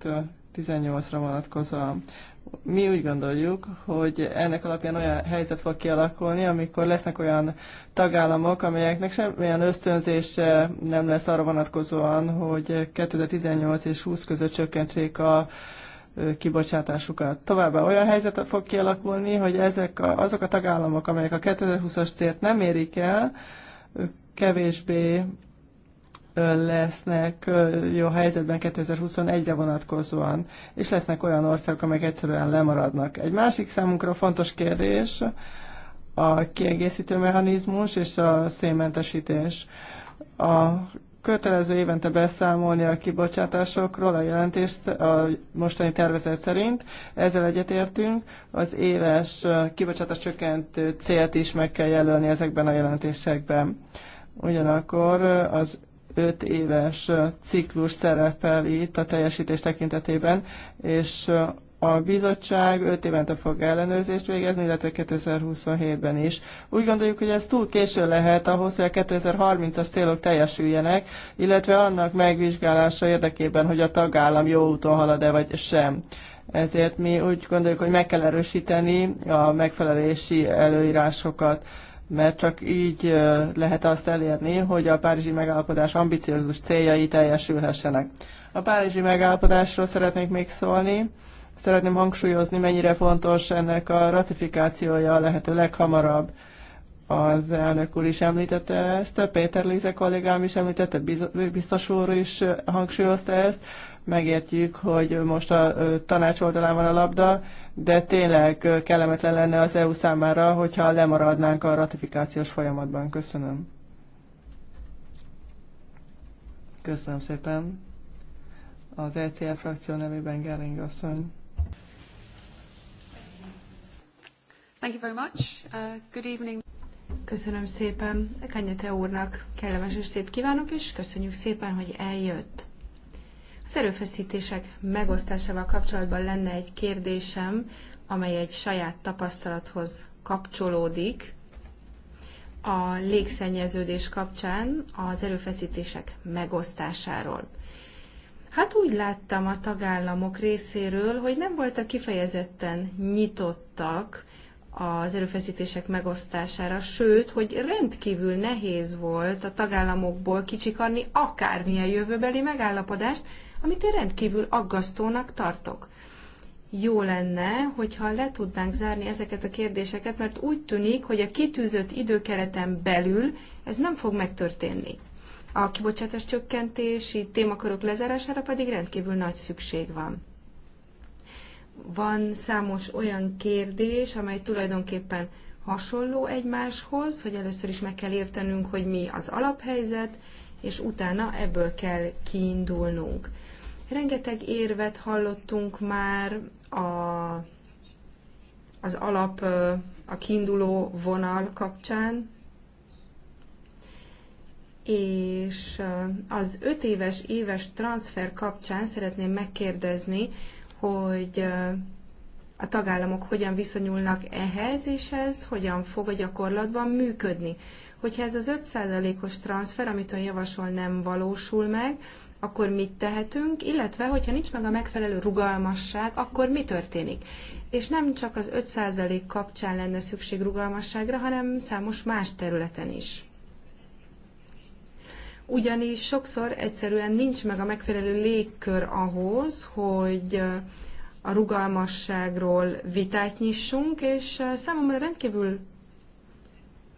18-ra vonatkozóan. Mi úgy gondoljuk, hogy ennek alapján olyan helyzet fog kialakulni, amikor lesznek olyan tagállamok, amelyeknek semmilyen ösztönzése nem lesz arra vonatkozóan, hogy 2018 és 20 között csökkentsék a kibocsátásukat. Továbbá olyan helyzet fog kialakulni, hogy ezek a, azok a tagállamok, amelyek a 2020-as célt nem érik el, kevésbé lesznek jó helyzetben 2021-re vonatkozóan, és lesznek olyan országok, amelyek egyszerűen lemaradnak. Egy másik számunkra fontos kérdés a kiegészítő mechanizmus és a szénmentesítés. A kötelező évente beszámolni a kibocsátásokról a jelentés a mostani tervezet szerint. Ezzel egyetértünk. Az éves kibocsátás csökkentő célt is meg kell jelölni ezekben a jelentésekben. Ugyanakkor az öt éves ciklus szerepel itt a teljesítés tekintetében, és a bizottság öt évente fog ellenőrzést végezni, illetve 2027-ben is. Úgy gondoljuk, hogy ez túl késő lehet ahhoz, hogy a 2030-as célok teljesüljenek, illetve annak megvizsgálása érdekében, hogy a tagállam jó úton halad-e vagy sem. Ezért mi úgy gondoljuk, hogy meg kell erősíteni a megfelelési előírásokat mert csak így lehet azt elérni, hogy a Párizsi megállapodás ambiciózus céljai teljesülhessenek. A Párizsi megállapodásról szeretnék még szólni. Szeretném hangsúlyozni, mennyire fontos ennek a ratifikációja a lehető leghamarabb. Az elnök úr is említette ezt, Péter Lize kollégám is említette, biztos úr is hangsúlyozta ezt megértjük, hogy most a tanács oldalán van a labda, de tényleg kellemetlen lenne az EU számára, hogyha lemaradnánk a ratifikációs folyamatban. Köszönöm. Köszönöm szépen. Az ECL frakció nevében Gering asszony. Thank you very much. Uh, good evening. Köszönöm szépen. Kanyete úrnak kellemes estét kívánok, és köszönjük szépen, hogy eljött. Az erőfeszítések megosztásával kapcsolatban lenne egy kérdésem, amely egy saját tapasztalathoz kapcsolódik. A légszennyeződés kapcsán az erőfeszítések megosztásáról. Hát úgy láttam a tagállamok részéről, hogy nem voltak kifejezetten nyitottak az erőfeszítések megosztására, sőt, hogy rendkívül nehéz volt a tagállamokból kicsikarni akármilyen jövőbeli megállapodást, amit én rendkívül aggasztónak tartok. Jó lenne, hogyha le tudnánk zárni ezeket a kérdéseket, mert úgy tűnik, hogy a kitűzött időkereten belül ez nem fog megtörténni. A kibocsátás csökkentési témakörök lezárására pedig rendkívül nagy szükség van van számos olyan kérdés, amely tulajdonképpen hasonló egymáshoz, hogy először is meg kell értenünk, hogy mi az alaphelyzet, és utána ebből kell kiindulnunk. Rengeteg érvet hallottunk már a, az alap, a kiinduló vonal kapcsán, és az öt éves éves transfer kapcsán szeretném megkérdezni, hogy a tagállamok hogyan viszonyulnak ehhez, és ez hogyan fog a gyakorlatban működni. Hogyha ez az 5%-os transfer, amit ön javasol, nem valósul meg, akkor mit tehetünk, illetve hogyha nincs meg a megfelelő rugalmasság, akkor mi történik? És nem csak az 5% kapcsán lenne szükség rugalmasságra, hanem számos más területen is. Ugyanis sokszor egyszerűen nincs meg a megfelelő légkör ahhoz, hogy a rugalmasságról vitát nyissunk, és számomra rendkívül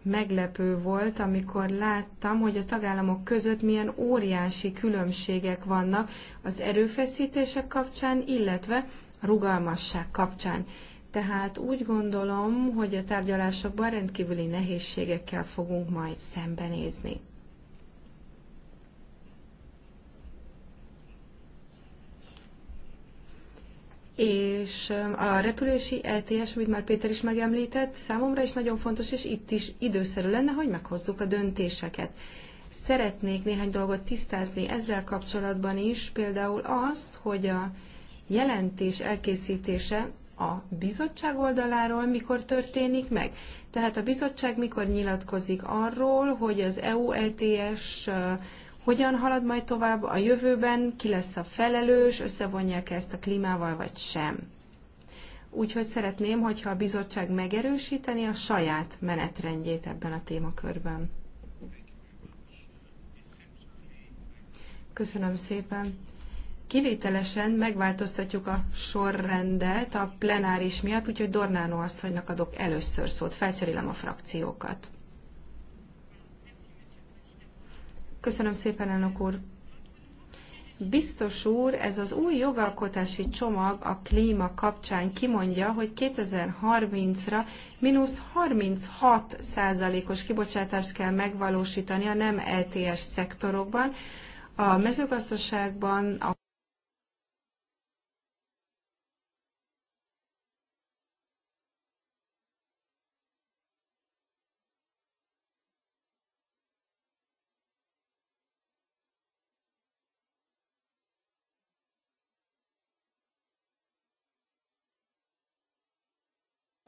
meglepő volt, amikor láttam, hogy a tagállamok között milyen óriási különbségek vannak az erőfeszítések kapcsán, illetve a rugalmasság kapcsán. Tehát úgy gondolom, hogy a tárgyalásokban rendkívüli nehézségekkel fogunk majd szembenézni. és a repülési ETS, amit már Péter is megemlített, számomra is nagyon fontos, és itt is időszerű lenne, hogy meghozzuk a döntéseket. Szeretnék néhány dolgot tisztázni ezzel kapcsolatban is, például azt, hogy a jelentés elkészítése a bizottság oldaláról mikor történik meg. Tehát a bizottság mikor nyilatkozik arról, hogy az EU ETS hogyan halad majd tovább a jövőben, ki lesz a felelős, összevonják -e ezt a klímával vagy sem. Úgyhogy szeretném, hogyha a bizottság megerősíteni a saját menetrendjét ebben a témakörben. Köszönöm szépen. Kivételesen megváltoztatjuk a sorrendet a plenáris miatt, úgyhogy Dornánó asszonynak adok először szót. Felcserélem a frakciókat. Köszönöm szépen, elnök úr. Biztos úr, ez az új jogalkotási csomag a klíma kapcsán kimondja, hogy 2030-ra mínusz 36 százalékos kibocsátást kell megvalósítani a nem ETS szektorokban, a mezőgazdaságban, a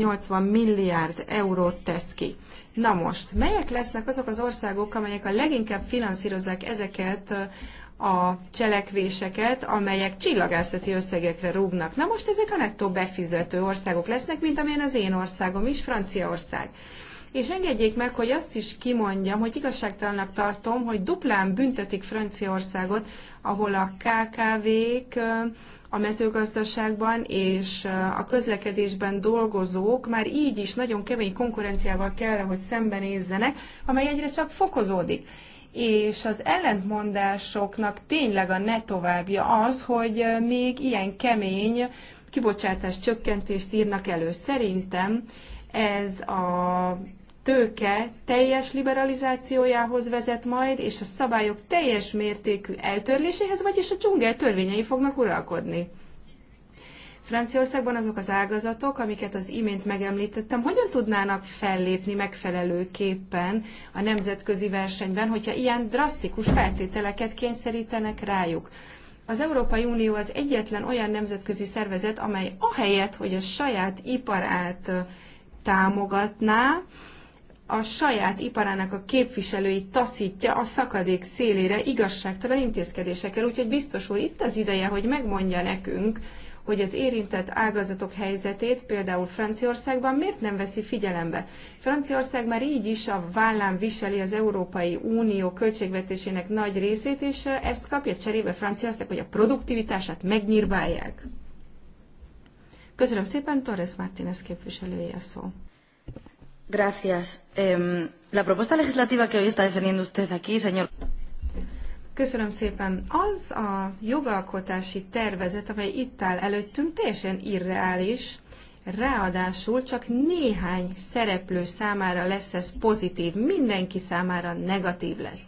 80 milliárd eurót tesz ki. Na most, melyek lesznek azok az országok, amelyek a leginkább finanszírozzák ezeket a cselekvéseket, amelyek csillagászati összegekre rúgnak. Na most ezek a nettó befizető országok lesznek, mint amilyen az én országom is, Franciaország. És engedjék meg, hogy azt is kimondjam, hogy igazságtalannak tartom, hogy duplán büntetik Franciaországot, ahol a KKV-k a mezőgazdaságban és a közlekedésben dolgozók már így is nagyon kemény konkurenciával kell, hogy szembenézzenek, amely egyre csak fokozódik és az ellentmondásoknak tényleg a ne továbbja az, hogy még ilyen kemény kibocsátás csökkentést írnak elő. Szerintem ez a tőke teljes liberalizációjához vezet majd, és a szabályok teljes mértékű eltörléséhez, vagyis a dzsungel törvényei fognak uralkodni. Franciaországban azok az ágazatok, amiket az imént megemlítettem, hogyan tudnának fellépni megfelelőképpen a nemzetközi versenyben, hogyha ilyen drasztikus feltételeket kényszerítenek rájuk? Az Európai Unió az egyetlen olyan nemzetközi szervezet, amely ahelyett, hogy a saját iparát támogatná, a saját iparának a képviselői taszítja a szakadék szélére igazságtalan intézkedésekkel. Úgyhogy biztos úr, itt az ideje, hogy megmondja nekünk, hogy az érintett ágazatok helyzetét például Franciaországban miért nem veszi figyelembe. Franciaország már így is a vállán viseli az Európai Unió költségvetésének nagy részét, és ezt kapja cserébe Franciaország, hogy a produktivitását megnyírbálják. Köszönöm szépen, Torres Martínez képviselője a szó. Gracias. Eh, la propuesta legislativa que hoy está defendiendo usted aquí, señor. Köszönöm szépen. Az a jogalkotási tervezet, amely itt áll előttünk, teljesen irreális. Ráadásul csak néhány szereplő számára lesz ez pozitív, mindenki számára negatív lesz.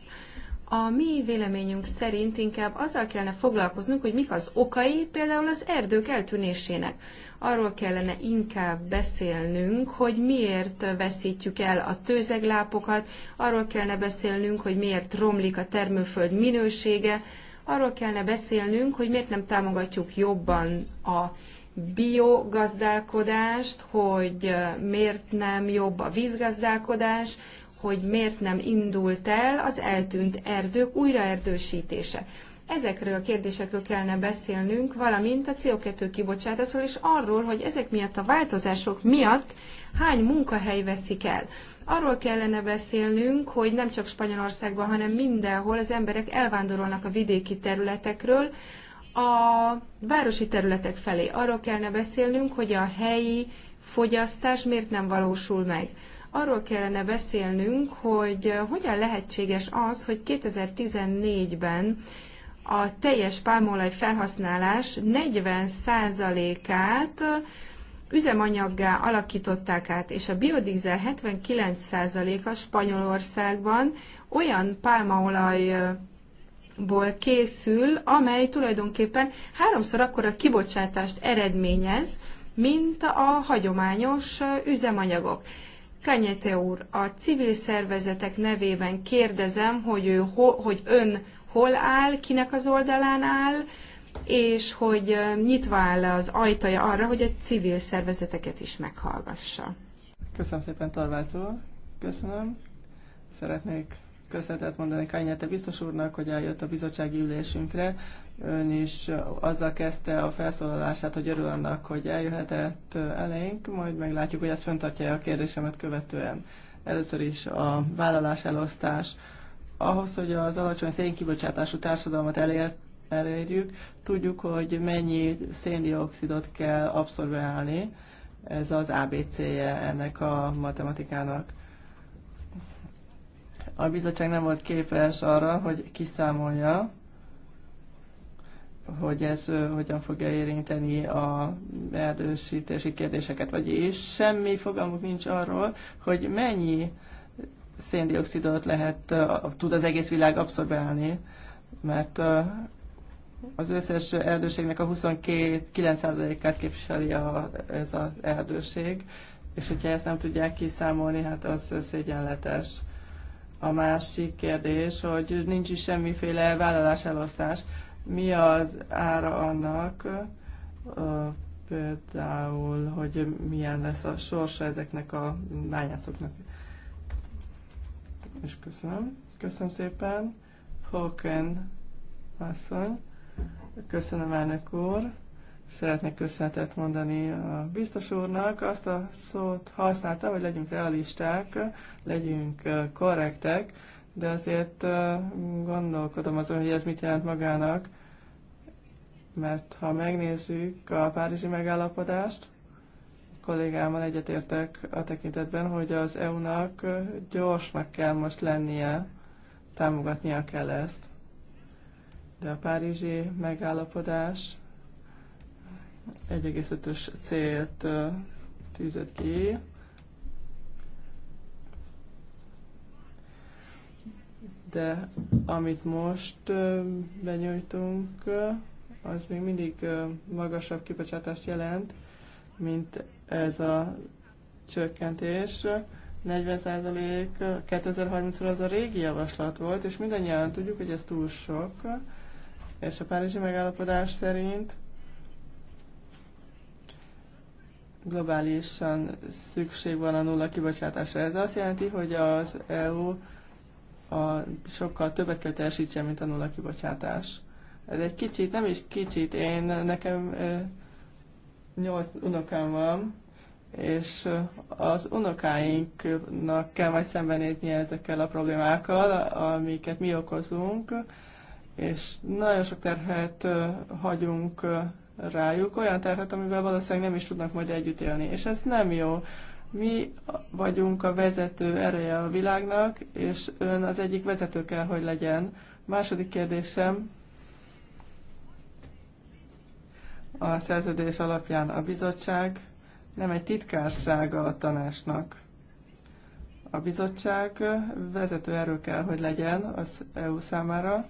A mi véleményünk szerint inkább azzal kellene foglalkoznunk, hogy mik az okai például az erdők eltűnésének. Arról kellene inkább beszélnünk, hogy miért veszítjük el a tőzeglápokat, arról kellene beszélnünk, hogy miért romlik a termőföld minősége, arról kellene beszélnünk, hogy miért nem támogatjuk jobban a biogazdálkodást, hogy miért nem jobb a vízgazdálkodás, hogy miért nem indult el az eltűnt erdők újraerdősítése. Ezekről a kérdésekről kellene beszélnünk, valamint a CO2 kibocsátásról, és arról, hogy ezek miatt a változások miatt hány munkahely veszik el. Arról kellene beszélnünk, hogy nem csak Spanyolországban, hanem mindenhol az emberek elvándorolnak a vidéki területekről, a városi területek felé. Arról kellene beszélnünk, hogy a helyi fogyasztás miért nem valósul meg arról kellene beszélnünk, hogy eh, hogyan lehetséges az, hogy 2014-ben a teljes pálmolaj felhasználás 40%-át eh, üzemanyaggá alakították át, és a biodízel 79%-a Spanyolországban olyan pálmaolaj ból készül, amely tulajdonképpen háromszor akkora kibocsátást eredményez, mint a hagyományos eh, üzemanyagok. Kanyete úr, a civil szervezetek nevében kérdezem, hogy, ő ho, hogy ön hol áll, kinek az oldalán áll, és hogy nyitva áll az ajtaja arra, hogy a civil szervezeteket is meghallgassa. Köszönöm szépen, Tarvács Köszönöm. Szeretnék köszönetet mondani Kányete biztos úrnak, hogy eljött a bizottsági ülésünkre. Ön is azzal kezdte a felszólalását, hogy örül annak, hogy eljöhetett elénk, majd meglátjuk, hogy ezt föntartja a kérdésemet követően. Először is a vállalás elosztás. Ahhoz, hogy az alacsony szénkibocsátású társadalmat elért, elérjük, tudjuk, hogy mennyi széndiokszidot kell abszorbálni, ez az ABC-je ennek a matematikának a bizottság nem volt képes arra, hogy kiszámolja, hogy ez hogyan fogja érinteni a erősítési kérdéseket, vagyis semmi fogalmuk nincs arról, hogy mennyi széndiokszidot lehet, tud az egész világ abszorbálni, mert az összes erdőségnek a 22-9%-át képviseli a, ez az erdőség, és hogyha ezt nem tudják kiszámolni, hát az szégyenletes. A másik kérdés, hogy nincs is semmiféle elosztás. Mi az ára annak, például, hogy milyen lesz a sorsa ezeknek a bányászoknak? És köszönöm. Köszönöm szépen. Hawken asszony. Köszönöm, elnök úr. Szeretnék köszönetet mondani a biztos úrnak. Azt a szót használta, hogy legyünk realisták, legyünk korrektek, de azért gondolkodom azon, hogy ez mit jelent magának, mert ha megnézzük a Párizsi megállapodást, kollégámmal egyetértek a tekintetben, hogy az EU-nak gyorsnak kell most lennie, támogatnia kell ezt. De a párizsi megállapodás 1,5-ös célt tűzött ki. De amit most benyújtunk, az még mindig magasabb kibocsátást jelent, mint ez a csökkentés. 40% 2030-ra az a régi javaslat volt, és mindannyian tudjuk, hogy ez túl sok, és a Párizsi megállapodás szerint globálisan szükség van a nulla kibocsátásra. Ez azt jelenti, hogy az EU a, sokkal többet kell teljesítse, mint a nulla kibocsátás. Ez egy kicsit, nem is kicsit, én nekem nyolc unokám van, és az unokáinknak kell majd szembenézni ezekkel a problémákkal, amiket mi okozunk, és nagyon sok terhet hagyunk rájuk olyan terhet, amivel valószínűleg nem is tudnak majd együtt élni. És ez nem jó. Mi vagyunk a vezető ereje a világnak, és ön az egyik vezető kell, hogy legyen. Második kérdésem, a szerződés alapján a bizottság nem egy titkársága a tanácsnak. A bizottság vezető erő kell, hogy legyen az EU számára,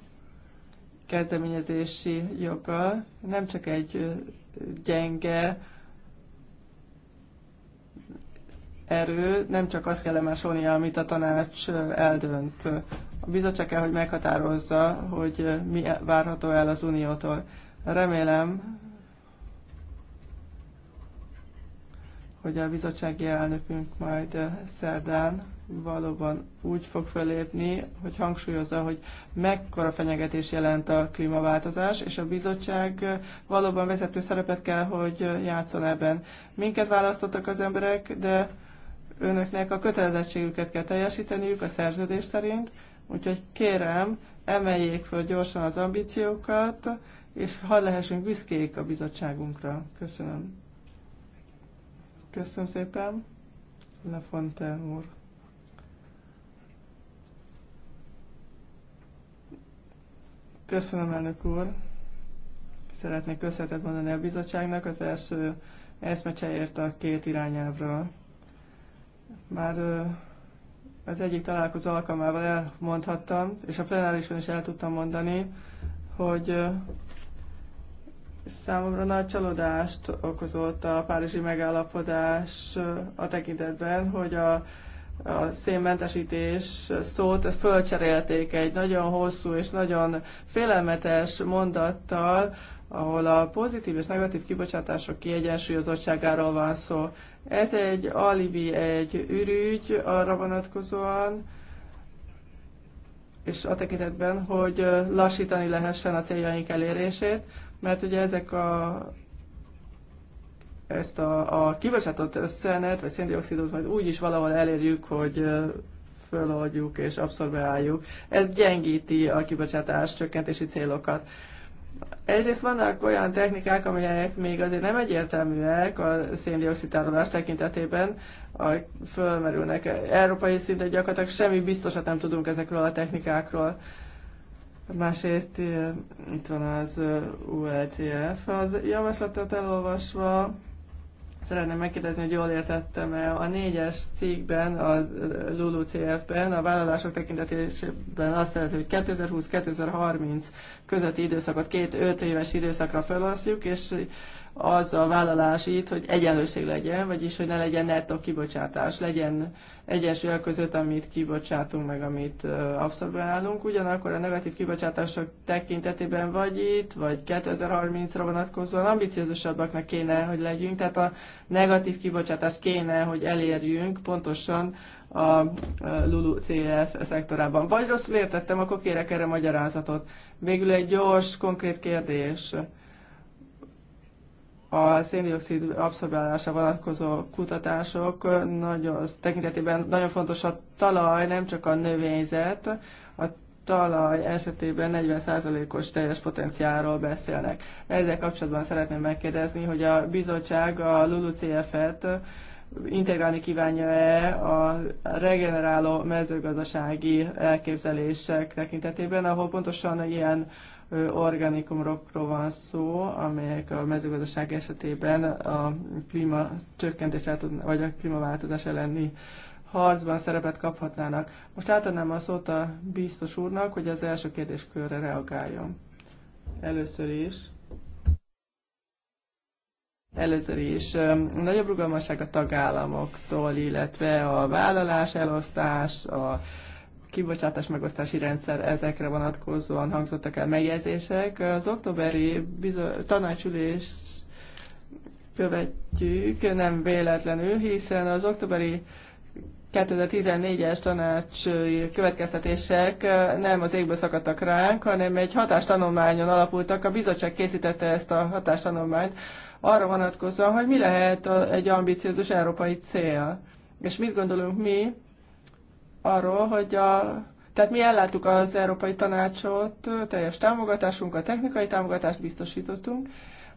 kezdeményezési joga nem csak egy gyenge erő, nem csak azt kell lemásolnia, amit a tanács eldönt. A bizottság kell, hogy meghatározza, hogy mi várható el az Uniótól. Remélem, hogy a bizottsági elnökünk majd szerdán valóban úgy fog felépni, hogy hangsúlyozza, hogy mekkora fenyegetés jelent a klímaváltozás, és a bizottság valóban vezető szerepet kell, hogy játszon ebben. Minket választottak az emberek, de önöknek a kötelezettségüket kell teljesíteniük a szerződés szerint, úgyhogy kérem, emeljék föl gyorsan az ambíciókat, és hadd lehessünk büszkék a bizottságunkra. Köszönöm. Köszönöm szépen. Lafonte úr. Köszönöm, elnök úr. Szeretnék köszönetet mondani a bizottságnak az első eszmecseért a két irányelvről. Már az egyik találkozó alkalmával elmondhattam, és a plenárison is el tudtam mondani, hogy számomra nagy csalódást okozott a párizsi megállapodás a tekintetben, hogy a a szénmentesítés szót fölcserélték egy nagyon hosszú és nagyon félelmetes mondattal, ahol a pozitív és negatív kibocsátások kiegyensúlyozottságáról van szó. Ez egy alibi, egy ürügy arra vonatkozóan, és a tekintetben, hogy lassítani lehessen a céljaink elérését, mert ugye ezek a ezt a, a kibocsátott szenet, vagy széndiokszidot majd úgy is valahol elérjük, hogy föloldjuk és abszorbáljuk. Ez gyengíti a kibocsátás csökkentési célokat. Egyrészt vannak olyan technikák, amelyek még azért nem egyértelműek a széndiokszid tekintetében, a, fölmerülnek. Európai szinten gyakorlatilag semmi biztosat nem tudunk ezekről a technikákról. Másrészt itt van az ULTF. Az javaslatot elolvasva Szeretném megkérdezni, hogy jól értettem-e. A négyes cikkben, a Lulu cf ben a vállalások tekintetében azt szeretném, hogy 2020-2030 közötti időszakot két-öt éves időszakra felosztjuk, és az a vállalás itt, hogy egyenlőség legyen, vagyis hogy ne legyen nettó kibocsátás, legyen egyensúly között, amit kibocsátunk, meg amit abszorbálunk. Ugyanakkor a negatív kibocsátások tekintetében vagy itt, vagy 2030-ra vonatkozóan ambiciózusabbaknak kéne, hogy legyünk, tehát a negatív kibocsátást kéne, hogy elérjünk pontosan a Lulu CF szektorában. Vagy rosszul értettem, akkor kérek erre magyarázatot. Végül egy gyors, konkrét kérdés a széndiokszid abszorbálása vonatkozó kutatások nagyon, tekintetében nagyon fontos a talaj, nem csak a növényzet, a talaj esetében 40%-os teljes potenciálról beszélnek. Ezzel kapcsolatban szeretném megkérdezni, hogy a bizottság a LULUCF-et integrálni kívánja-e a regeneráló mezőgazdasági elképzelések tekintetében, ahol pontosan ilyen organikumokról van szó, amelyek a mezőgazdaság esetében a klíma csökkentés vagy a klímaváltozás elleni harcban szerepet kaphatnának. Most átadnám a szót a biztos úrnak, hogy az első kérdéskörre reagáljon. Először is. Először is nagyobb rugalmasság a tagállamoktól, illetve a vállalás, elosztás, a kibocsátás megosztási rendszer ezekre vonatkozóan hangzottak el megjegyzések. Az októberi bizo- tanácsülés követjük, nem véletlenül, hiszen az októberi 2014-es tanács következtetések nem az égből szakadtak ránk, hanem egy hatástanulmányon alapultak. A bizottság készítette ezt a hatástanulmányt arra vonatkozóan, hogy mi lehet egy ambiciózus európai cél. És mit gondolunk mi arról, hogy a tehát mi elláttuk az Európai Tanácsot, teljes támogatásunkat, technikai támogatást biztosítottunk.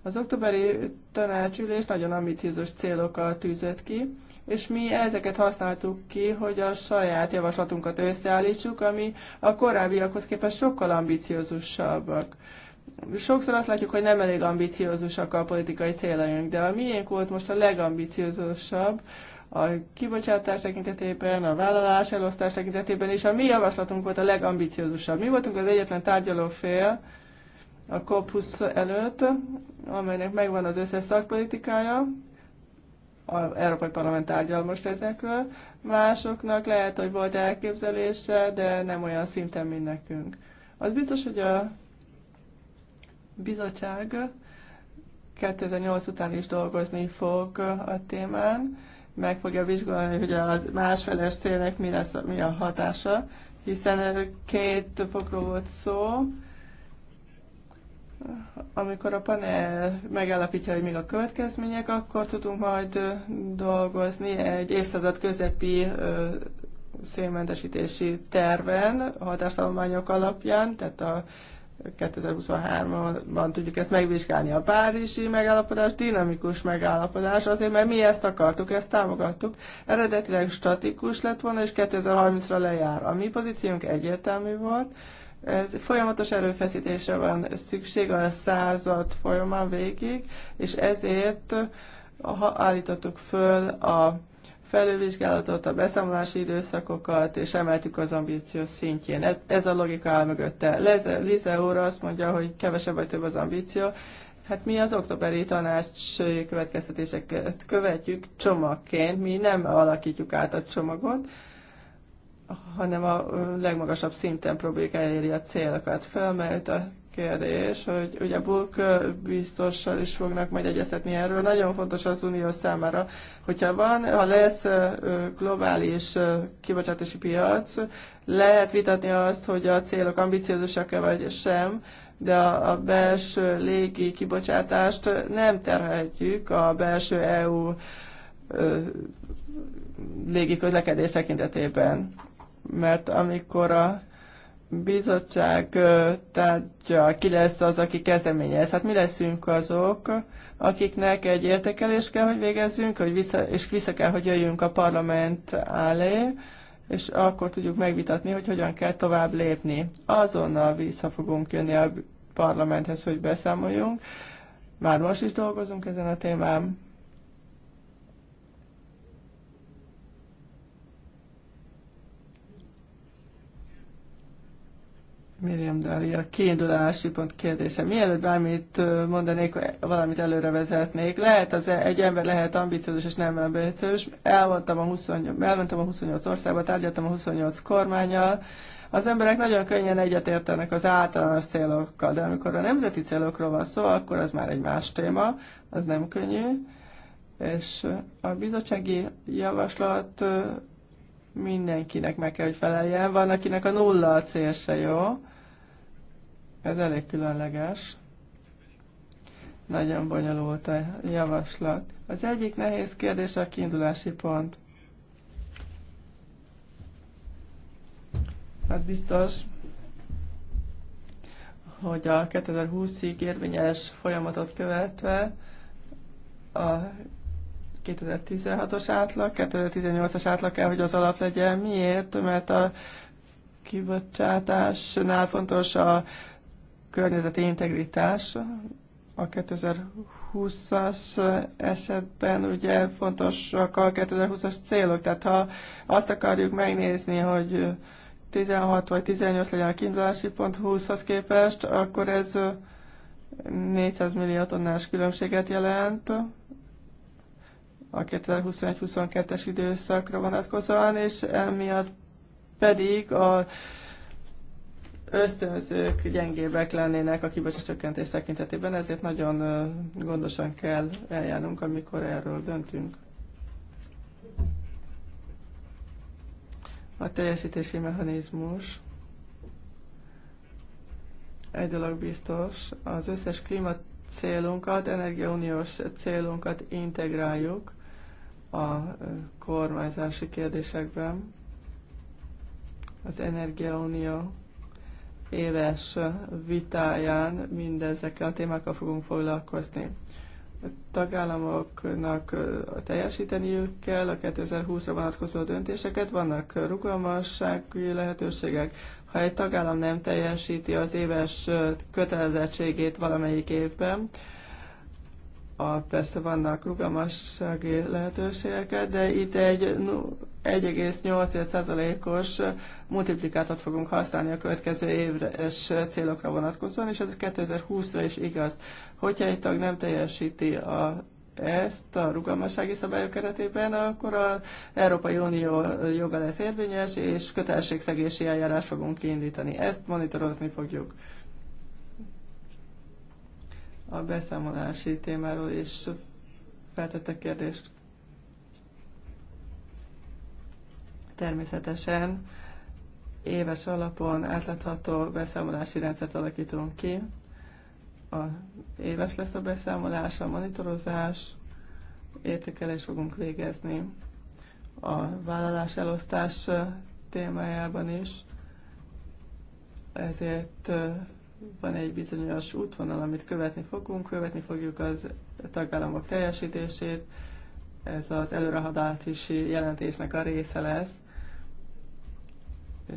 Az októberi tanácsülés nagyon ambiciózus célokat tűzött ki, és mi ezeket használtuk ki, hogy a saját javaslatunkat összeállítsuk, ami a korábbiakhoz képest sokkal ambiciózusabbak. Sokszor azt látjuk, hogy nem elég ambiciózusak a politikai céljaink, de a miénk volt most a legambiciózusabb, a kibocsátás tekintetében, a vállalás elosztás tekintetében, és a mi javaslatunk volt a legambiciózusabb. Mi voltunk az egyetlen tárgyaló fél a COP20 előtt, amelynek megvan az összes szakpolitikája, az Európai Parlament tárgyal most ezekről. Másoknak lehet, hogy volt elképzelése, de nem olyan szinten, mint nekünk. Az biztos, hogy a bizottság 2008 után is dolgozni fog a témán, meg fogja vizsgálni, hogy a másfeles célnek mi, lesz, mi a hatása, hiszen két fokról volt szó, amikor a panel megállapítja, hogy még a következmények, akkor tudunk majd dolgozni egy évszázad közepi szélmentesítési terven, hatástalományok alapján, tehát a 2023-ban tudjuk ezt megvizsgálni. A Párizsi megállapodás dinamikus megállapodás, azért mert mi ezt akartuk, ezt támogattuk. Eredetileg statikus lett volna, és 2030-ra lejár. A mi pozíciónk egyértelmű volt, ez folyamatos erőfeszítésre van szükség a század folyamán végig, és ezért ha állítottuk föl a felülvizsgálatot, a beszámolási időszakokat, és emeltük az ambíció szintjén. Ez a logika áll mögötte. Lize, Lize óra azt mondja, hogy kevesebb vagy több az ambíció. Hát mi az októberi tanács következtetéseket követjük csomagként, mi nem alakítjuk át a csomagot, hanem a legmagasabb szinten próbáljuk elérni a célokat. Felmerült a kérdés, hogy ugye Bulk biztossal is fognak majd egyeztetni erről. Nagyon fontos az Unió számára, hogyha van, ha lesz globális kibocsátási piac, lehet vitatni azt, hogy a célok ambiciózusak-e vagy sem, de a, a belső légi kibocsátást nem terhetjük a belső EU légi közlekedés tekintetében. Mert amikor a bizottság tárgya, ki lesz az, aki kezdeményez. Hát mi leszünk azok, akiknek egy értékelést kell, hogy végezzünk, hogy vissza, és vissza kell, hogy jöjjünk a parlament állé, és akkor tudjuk megvitatni, hogy hogyan kell tovább lépni. Azonnal vissza fogunk jönni a parlamenthez, hogy beszámoljunk. Már most is dolgozunk ezen a témán. Miriam Dali, a kiindulási pont kérdése. Mielőtt bármit mondanék, valamit előre vezetnék. Lehet az, e, egy ember lehet ambiciózus és nem ambiciózus. Elmentem a 28, elmentem a 28 országba, tárgyaltam a 28 kormányjal. Az emberek nagyon könnyen egyetértenek az általános célokkal, de amikor a nemzeti célokról van szó, akkor az már egy más téma, az nem könnyű. És a bizottsági javaslat mindenkinek meg kell, hogy feleljen. Van, akinek a nulla a cél se jó. Ez elég különleges. Nagyon bonyolult a javaslat. Az egyik nehéz kérdés a kiindulási pont. Az biztos, hogy a 2020-ig érvényes folyamatot követve a 2016-os átlag, 2018-as átlag kell, hogy az alap legyen. Miért? Mert a kibocsátásnál fontos a környezeti integritás. A 2020-as esetben ugye fontosak a 2020-as célok, tehát ha azt akarjuk megnézni, hogy 16 vagy 18 legyen a kiindulási pont 20-hoz képest, akkor ez 400 millió tonnás különbséget jelent a 2021-22-es időszakra vonatkozóan, és emiatt pedig a ösztönzők gyengébbek lennének a kibocsás csökkentés tekintetében, ezért nagyon gondosan kell eljárnunk, amikor erről döntünk. A teljesítési mechanizmus. Egy dolog biztos, az összes klímacélunkat, célunkat, energiauniós célunkat integráljuk a kormányzási kérdésekben. Az Energiaunió éves vitáján mindezekkel a témákkal fogunk foglalkozni. A tagállamoknak teljesíteniük kell a 2020-ra vonatkozó döntéseket, vannak rugalmassági lehetőségek. Ha egy tagállam nem teljesíti az éves kötelezettségét valamelyik évben, a, persze vannak rugalmassági lehetőségek, de itt egy 1,8%-os multiplikátort fogunk használni a következő éves célokra vonatkozóan, és ez 2020-ra is igaz. Hogyha egy tag nem teljesíti a ezt a rugalmassági szabályok keretében, akkor az Európai Unió joga lesz érvényes, és kötelességszegési eljárás fogunk kiindítani. Ezt monitorozni fogjuk a beszámolási témáról is feltette kérdést. Természetesen éves alapon átlátható beszámolási rendszert alakítunk ki. A éves lesz a beszámolás, a monitorozás, értékelés fogunk végezni a vállalás elosztás témájában is. Ezért van egy bizonyos útvonal, amit követni fogunk, követni fogjuk az tagállamok teljesítését, ez az előrehadási jelentésnek a része lesz,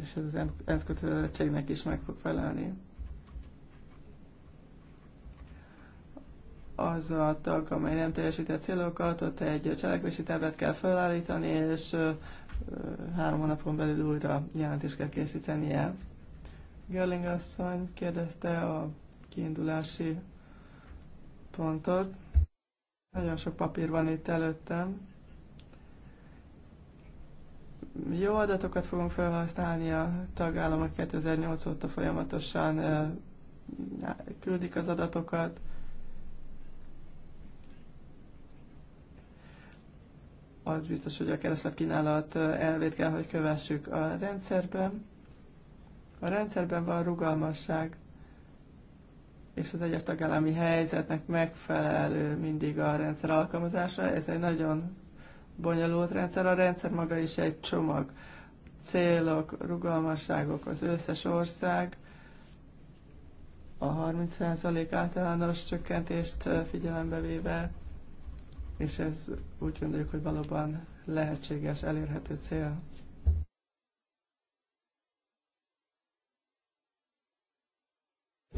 és ez az ENSZ kötelezettségnek is meg fog felelni. Az a tag, amely nem teljesített célokat, ott egy cselekvési tervet kell felállítani, és három hónapon belül újra jelentést kell készítenie. Gerling asszony kérdezte a kiindulási pontot. Nagyon sok papír van itt előttem. Jó adatokat fogunk felhasználni, a tagállamok 2008 óta folyamatosan küldik az adatokat. Az biztos, hogy a keresletkínálat elvét kell, hogy kövessük a rendszerben a rendszerben van rugalmasság, és az egyes tagállami helyzetnek megfelelő mindig a rendszer alkalmazása. Ez egy nagyon bonyolult rendszer. A rendszer maga is egy csomag. Célok, rugalmasságok az összes ország, a 30% általános csökkentést figyelembe véve, és ez úgy gondoljuk, hogy valóban lehetséges, elérhető cél.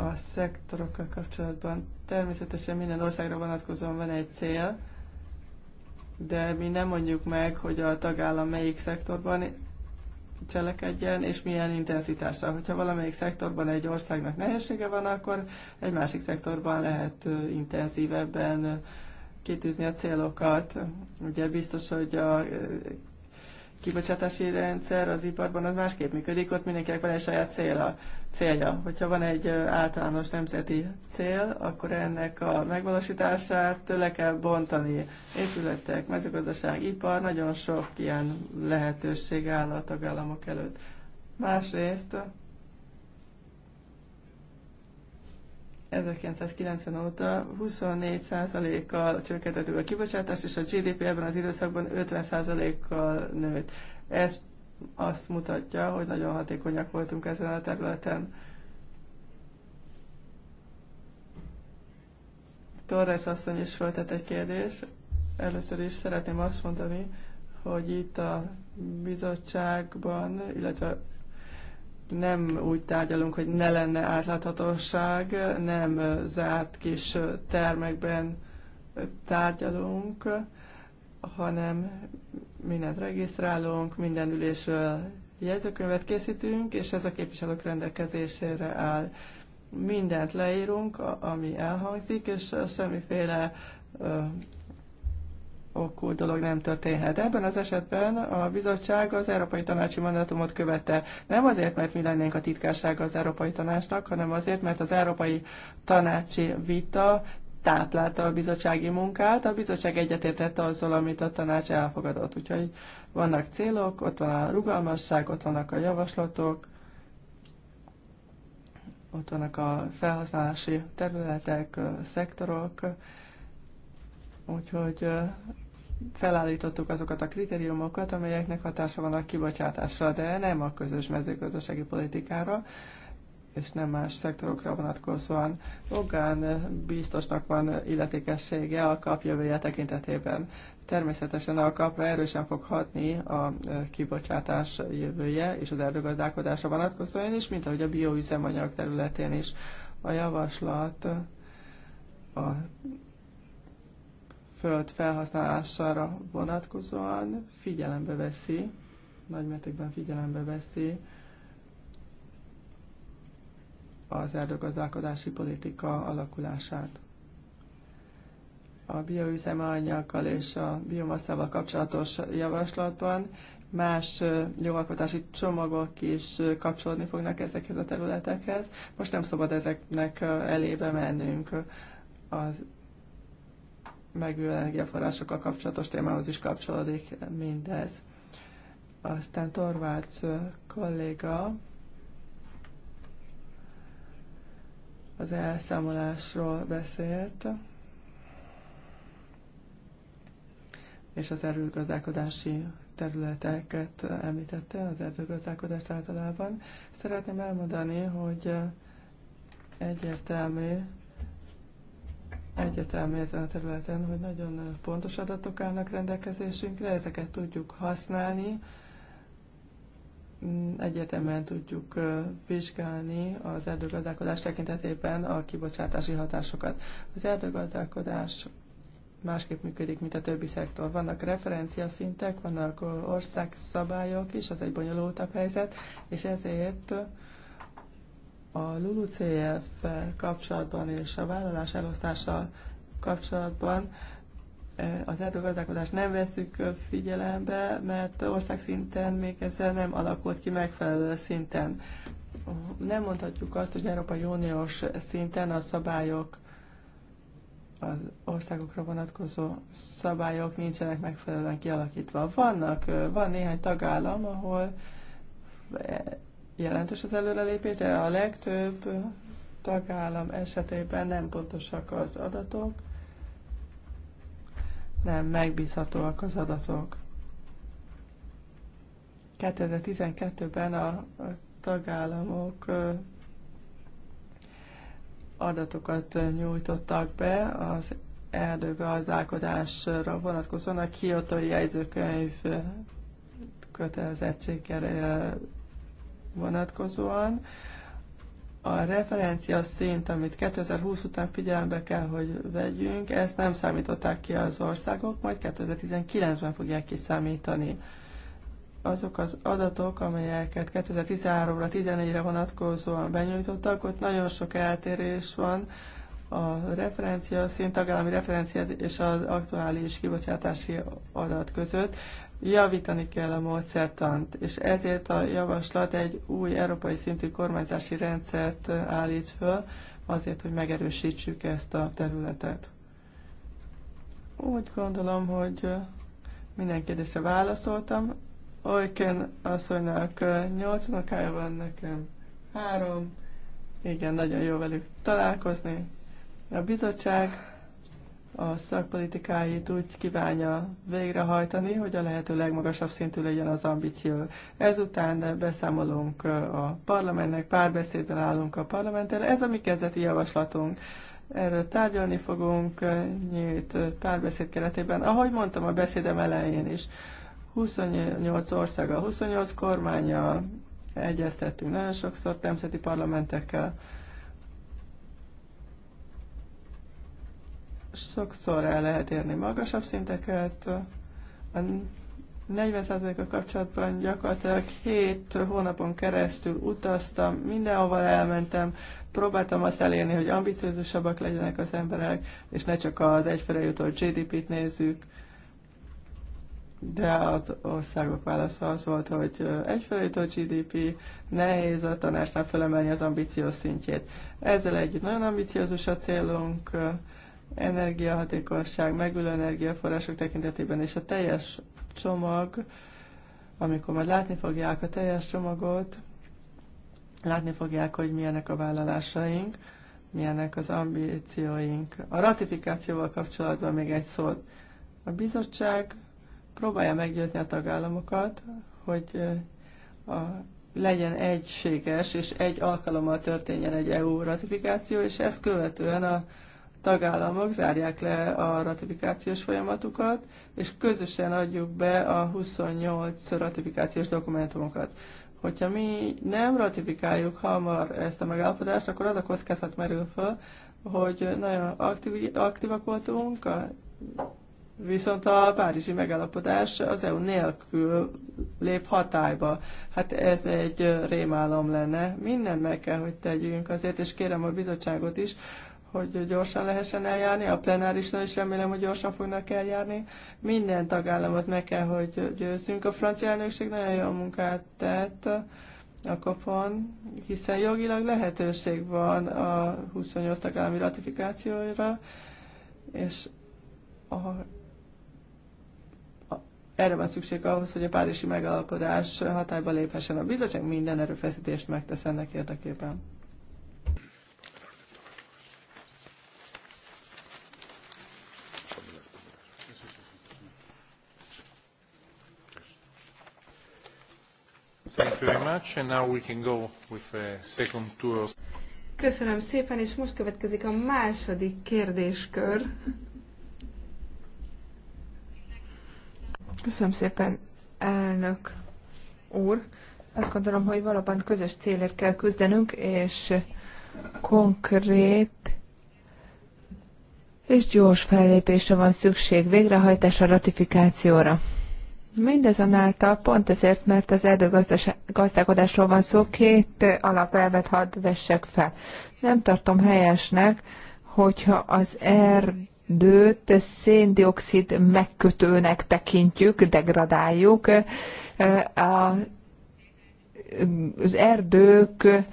a szektorokkal kapcsolatban. Természetesen minden országra vonatkozóan van egy cél, de mi nem mondjuk meg, hogy a tagállam melyik szektorban cselekedjen, és milyen intenzitással. Hogyha valamelyik szektorban egy országnak nehézsége van, akkor egy másik szektorban lehet intenzívebben kitűzni a célokat. Ugye biztos, hogy a kibocsátási rendszer az iparban az másképp működik, ott mindenkinek van egy saját célja. célja. Hogyha van egy általános nemzeti cél, akkor ennek a megvalósítását le kell bontani. Épületek, mezőgazdaság, ipar, nagyon sok ilyen lehetőség áll a tagállamok előtt. Másrészt 1990 óta 24%-kal csökkentett a kibocsátás és a GDP ebben az időszakban 50%-kal nőtt. Ez azt mutatja, hogy nagyon hatékonyak voltunk ezen a területen. Torres asszony is föltett egy kérdés. Először is szeretném azt mondani, hogy itt a bizottságban, illetve nem úgy tárgyalunk, hogy ne lenne átláthatóság, nem zárt kis termekben tárgyalunk, hanem mindent regisztrálunk, minden ülésről jegyzőkönyvet készítünk, és ez a képviselők rendelkezésére áll. Mindent leírunk, ami elhangzik, és semmiféle okú dolog nem történhet. Ebben az esetben a bizottság az Európai Tanácsi mandátumot követte. Nem azért, mert mi lennénk a titkársága az Európai Tanácsnak, hanem azért, mert az Európai Tanácsi vita táplálta a bizottsági munkát, a bizottság egyetértett azzal, amit a tanács elfogadott. Úgyhogy vannak célok, ott van a rugalmasság, ott vannak a javaslatok, ott vannak a felhasználási területek, szektorok, úgyhogy felállítottuk azokat a kritériumokat, amelyeknek hatása van a kibocsátásra, de nem a közös mezőgazdasági politikára, és nem más szektorokra vonatkozóan. Logán biztosnak van illetékessége a kap jövője tekintetében. Természetesen a kapra erősen fog hatni a e, kibocsátás jövője és az erdőgazdálkodásra vonatkozóan is, mint ahogy a bioüzemanyag területén is. A javaslat a föld felhasználására vonatkozóan figyelembe veszi, nagymértékben figyelembe veszi az erdőgazdálkodási politika alakulását. A bioüzemanyaggal és a biomasszával kapcsolatos javaslatban más jogalkotási csomagok is kapcsolódni fognak ezekhez a területekhez. Most nem szabad ezeknek elébe mennünk. Az megülő energiaforrásokkal kapcsolatos témához is kapcsolódik mindez. Aztán Torvács kolléga az elszámolásról beszélt, és az erőgazdálkodási területeket említette, az erdőgazdálkodást általában. Szeretném elmondani, hogy egyértelmű, egyetemi ezen a területen, hogy nagyon pontos adatok állnak rendelkezésünkre, ezeket tudjuk használni, egyetemen tudjuk vizsgálni az erdőgazdálkodás tekintetében a kibocsátási hatásokat. Az erdőgazdálkodás másképp működik, mint a többi szektor. Vannak referencia szintek, vannak országszabályok is, az egy bonyolultabb helyzet, és ezért a LULUCF kapcsolatban és a vállalás elosztással kapcsolatban eh, az erdőgazdálkodást nem veszük figyelembe, mert országszinten még ezzel nem alakult ki megfelelő szinten. Nem mondhatjuk azt, hogy Európai Uniós szinten a szabályok, az országokra vonatkozó szabályok nincsenek megfelelően kialakítva. Vannak, eh, van néhány tagállam, ahol jelentős az előrelépés, de a legtöbb tagállam esetében nem pontosak az adatok, nem megbízhatóak az adatok. 2012-ben a tagállamok adatokat nyújtottak be az erdőgazdálkodásra vonatkozóan a kiotói jegyzőkönyv kötelezettséggel vonatkozóan. A referencia szint, amit 2020 után figyelembe kell, hogy vegyünk, ezt nem számították ki az országok, majd 2019-ben fogják kiszámítani. Azok az adatok, amelyeket 2013-ra, 2014-re vonatkozóan benyújtottak, ott nagyon sok eltérés van, a referencia szint, tagállami referencia és az aktuális kibocsátási adat között javítani kell a módszertant, és ezért a javaslat egy új európai szintű kormányzási rendszert állít föl, azért, hogy megerősítsük ezt a területet. Úgy gondolom, hogy minden kérdésre válaszoltam. Olyken asszonynak nyolc unokája van nekem, három. Igen, nagyon jó velük találkozni. A bizottság a szakpolitikáit úgy kívánja végrehajtani, hogy a lehető legmagasabb szintű legyen az ambíció. Ezután beszámolunk a parlamentnek, párbeszédben állunk a parlamenttel. Ez a mi kezdeti javaslatunk. Erről tárgyalni fogunk nyílt párbeszéd keretében. Ahogy mondtam a beszédem elején is, 28 országa, 28 kormánya egyeztettünk nagyon sokszor nemzeti parlamentekkel sokszor el lehet érni magasabb szinteket. A 40%-a kapcsolatban gyakorlatilag 7 hónapon keresztül utaztam, mindenhova elmentem, próbáltam azt elérni, hogy ambiciózusabbak legyenek az emberek, és ne csak az egyfele jutott GDP-t nézzük, de az országok válasza az volt, hogy egyfelé a GDP, nehéz a tanácsnak felemelni az ambíció szintjét. Ezzel együtt nagyon ambiciózus a célunk, energiahatékonyság, megülő energiaforrások tekintetében, és a teljes csomag, amikor majd látni fogják a teljes csomagot, látni fogják, hogy milyenek a vállalásaink, milyenek az ambícióink. A ratifikációval kapcsolatban még egy szót. A bizottság próbálja meggyőzni a tagállamokat, hogy a, legyen egységes, és egy alkalommal történjen egy EU ratifikáció, és ezt követően a tagállamok zárják le a ratifikációs folyamatukat, és közösen adjuk be a 28 ratifikációs dokumentumokat. Hogyha mi nem ratifikáljuk hamar ezt a megállapodást, akkor az a kockázat merül föl, hogy nagyon aktív, aktívak voltunk, a, viszont a párizsi megállapodás az EU nélkül lép hatályba. Hát ez egy rémálom lenne. Minden meg kell, hogy tegyünk azért, és kérem a bizottságot is, hogy gyorsan lehessen eljárni, a plenárisnál is remélem, hogy gyorsan fognak eljárni. Minden tagállamot meg kell, hogy győzzünk. A francia elnökség nagyon jó munkát tett a kapon, hiszen jogilag lehetőség van a 28 tagállami ratifikációra, és a, a, erre van szükség ahhoz, hogy a párizsi megállapodás hatályba léphessen. A bizottság minden erőfeszítést megtesz ennek érdekében. Köszönöm szépen, és most következik a második kérdéskör. Köszönöm szépen, elnök úr. Azt gondolom, hogy valóban közös célért kell küzdenünk, és konkrét és gyors fellépésre van szükség, végrehajtásra, ratifikációra. Mindazonáltal pont ezért, mert az erdőgazdálkodásról van szó, két alapelvet hadd vessek fel. Nem tartom helyesnek, hogyha az erdőt széndiokszid megkötőnek tekintjük, degradáljuk. Az erdők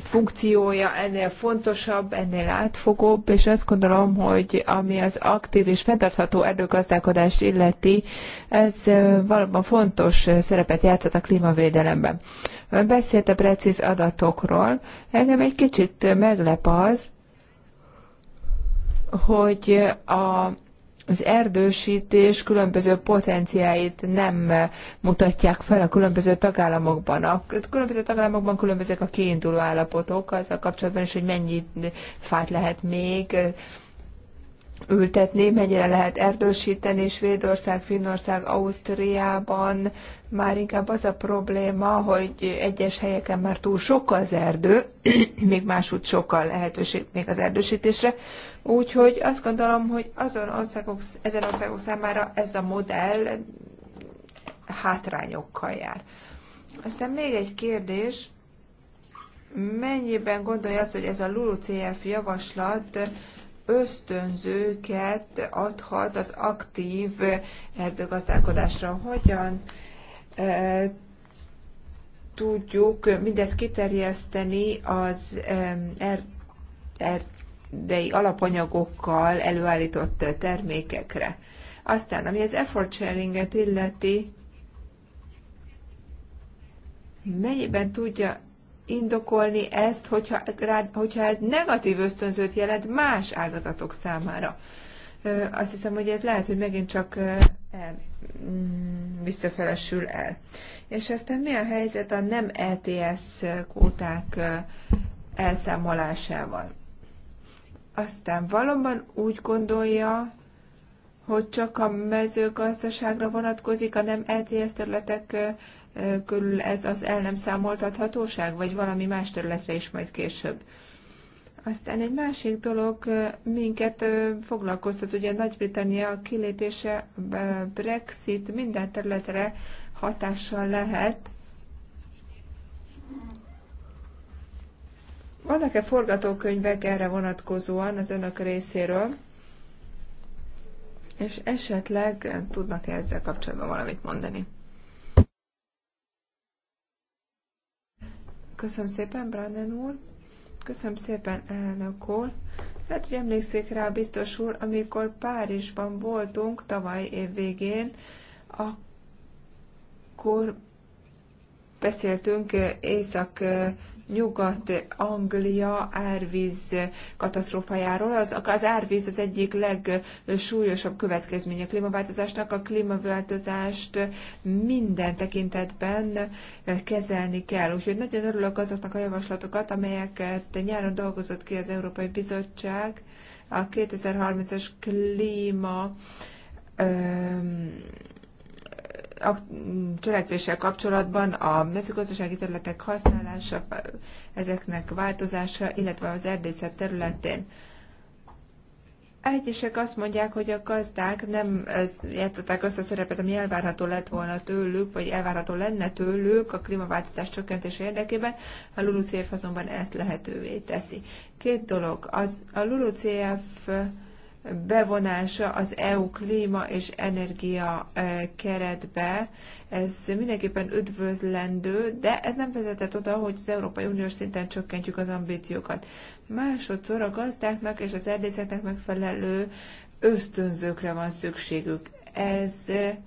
funkciója ennél fontosabb, ennél átfogóbb, és azt gondolom, hogy ami az aktív és fenntartható erdőgazdálkodást illeti, ez valóban fontos szerepet játszott a klímavédelemben. Ön beszélt a precíz adatokról. Engem egy kicsit meglep az, hogy a az erdősítés különböző potenciáit nem mutatják fel a különböző tagállamokban. A különböző tagállamokban különbözőek a kiinduló állapotok, azzal kapcsolatban is, hogy mennyi fát lehet még ültetni, mennyire lehet erdősíteni Svédország, Finnország, Ausztriában. Már inkább az a probléma, hogy egyes helyeken már túl sok az erdő, még máshogy sokkal lehetőség még az erdősítésre. Úgyhogy azt gondolom, hogy azon országok, ezen országok számára ez a modell hátrányokkal jár. Aztán még egy kérdés, mennyiben gondolja azt, hogy ez a LULUCF javaslat ösztönzőket adhat az aktív erdőgazdálkodásra. Hogyan e, tudjuk mindezt kiterjeszteni az e, er, erdei alapanyagokkal előállított termékekre. Aztán, ami az effort sharinget illeti, mennyiben tudja indokolni ezt, hogyha, hogyha ez negatív ösztönzőt jelent más ágazatok számára. Azt hiszem, hogy ez lehet, hogy megint csak el, mm, visszafelesül el. És aztán mi a helyzet a nem ETS kóták elszámolásával? Aztán valóban úgy gondolja, hogy csak a mezőgazdaságra vonatkozik a nem ETS területek körül ez az el nem számoltathatóság, vagy valami más területre is majd később. Aztán egy másik dolog minket foglalkoztat, ugye Nagy-Britannia kilépése, Brexit minden területre hatással lehet. Vannak-e forgatókönyvek erre vonatkozóan az önök részéről? És esetleg tudnak -e ezzel kapcsolatban valamit mondani? Köszönöm szépen, Brandon úr. Köszönöm szépen, elnök úr. Hát, hogy emlékszik rá biztos úr, amikor Párizsban voltunk tavaly év végén, akkor beszéltünk észak Nyugat-Anglia árvíz katasztrófájáról. Az, az árvíz az egyik legsúlyosabb következménye a klímaváltozásnak. A klímaváltozást minden tekintetben kezelni kell. Úgyhogy nagyon örülök azoknak a javaslatokat, amelyeket nyáron dolgozott ki az Európai Bizottság a 2030-as klíma a cselekvéssel kapcsolatban a mezőgazdasági területek használása, ezeknek változása, illetve az erdészet területén. Egyesek azt mondják, hogy a gazdák nem játszották azt a szerepet, ami elvárható lett volna tőlük, vagy elvárható lenne tőlük a klímaváltozás csökkentése érdekében, a LULUCF azonban ezt lehetővé teszi. Két dolog. Az, a LULUCF bevonása az EU klíma és energia e, keretbe. Ez mindenképpen üdvözlendő, de ez nem vezetett oda, hogy az Európai Uniós szinten csökkentjük az ambíciókat. Másodszor a gazdáknak és az erdészeknek megfelelő ösztönzőkre van szükségük. Ez e,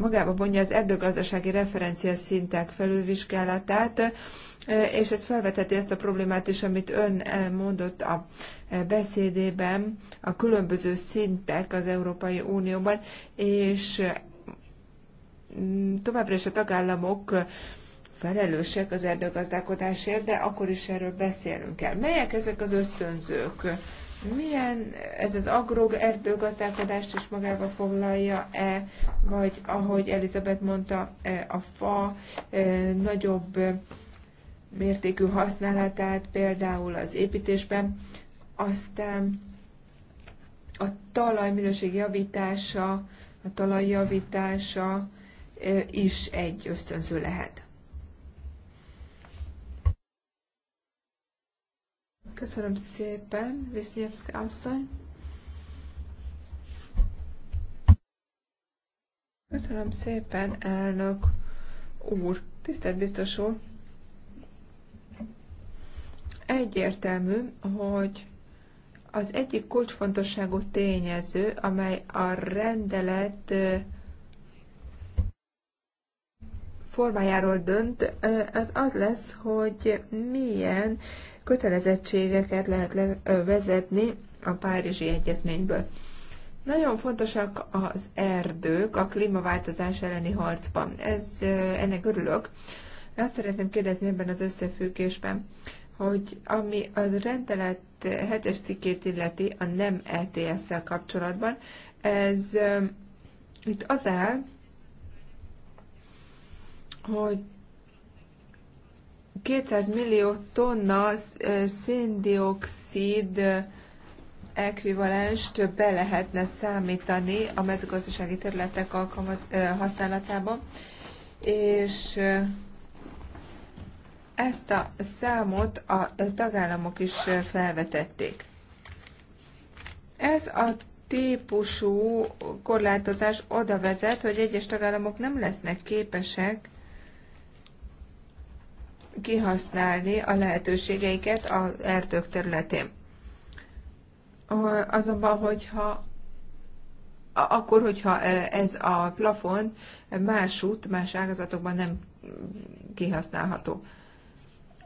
magába vonja az erdőgazdasági referencia szintek felülvizsgálatát, és ez felvetheti ezt a problémát is, amit ön mondott a beszédében, a különböző szintek az Európai Unióban, és mm, továbbra is a tagállamok felelősek az erdőgazdálkodásért, de akkor is erről beszélünk kell. Melyek ezek az ösztönzők? Milyen ez az agrog erdőgazdálkodást is magába foglalja-e, vagy ahogy Elizabeth mondta, a fa nagyobb mértékű használatát, például az építésben, aztán a minőség javítása, a talaj javítása is egy ösztönző lehet. Köszönöm szépen, Visznyevszka asszony. Köszönöm szépen, elnök úr, tisztelt biztos úr. Egyértelmű, hogy az egyik kulcsfontosságú tényező, amely a rendelet formájáról dönt, az az lesz, hogy milyen kötelezettségeket lehet vezetni a Párizsi Egyezményből. Nagyon fontosak az erdők a klímaváltozás elleni harcban. Ez, ennek örülök. Azt szeretném kérdezni ebben az összefüggésben, hogy ami a rendelet hetes cikkét illeti a nem ETS-szel kapcsolatban, ez um, itt az áll, hogy 200 millió tonna uh, széndiokszid uh, ekvivalenst be lehetne számítani a mezőgazdasági területek használatában, uh, használatába, és ezt a számot a tagállamok is felvetették. Ez a típusú korlátozás oda vezet, hogy egyes tagállamok nem lesznek képesek kihasználni a lehetőségeiket az erdők területén. Azonban, hogyha akkor, hogyha ez a plafon más út, más ágazatokban nem kihasználható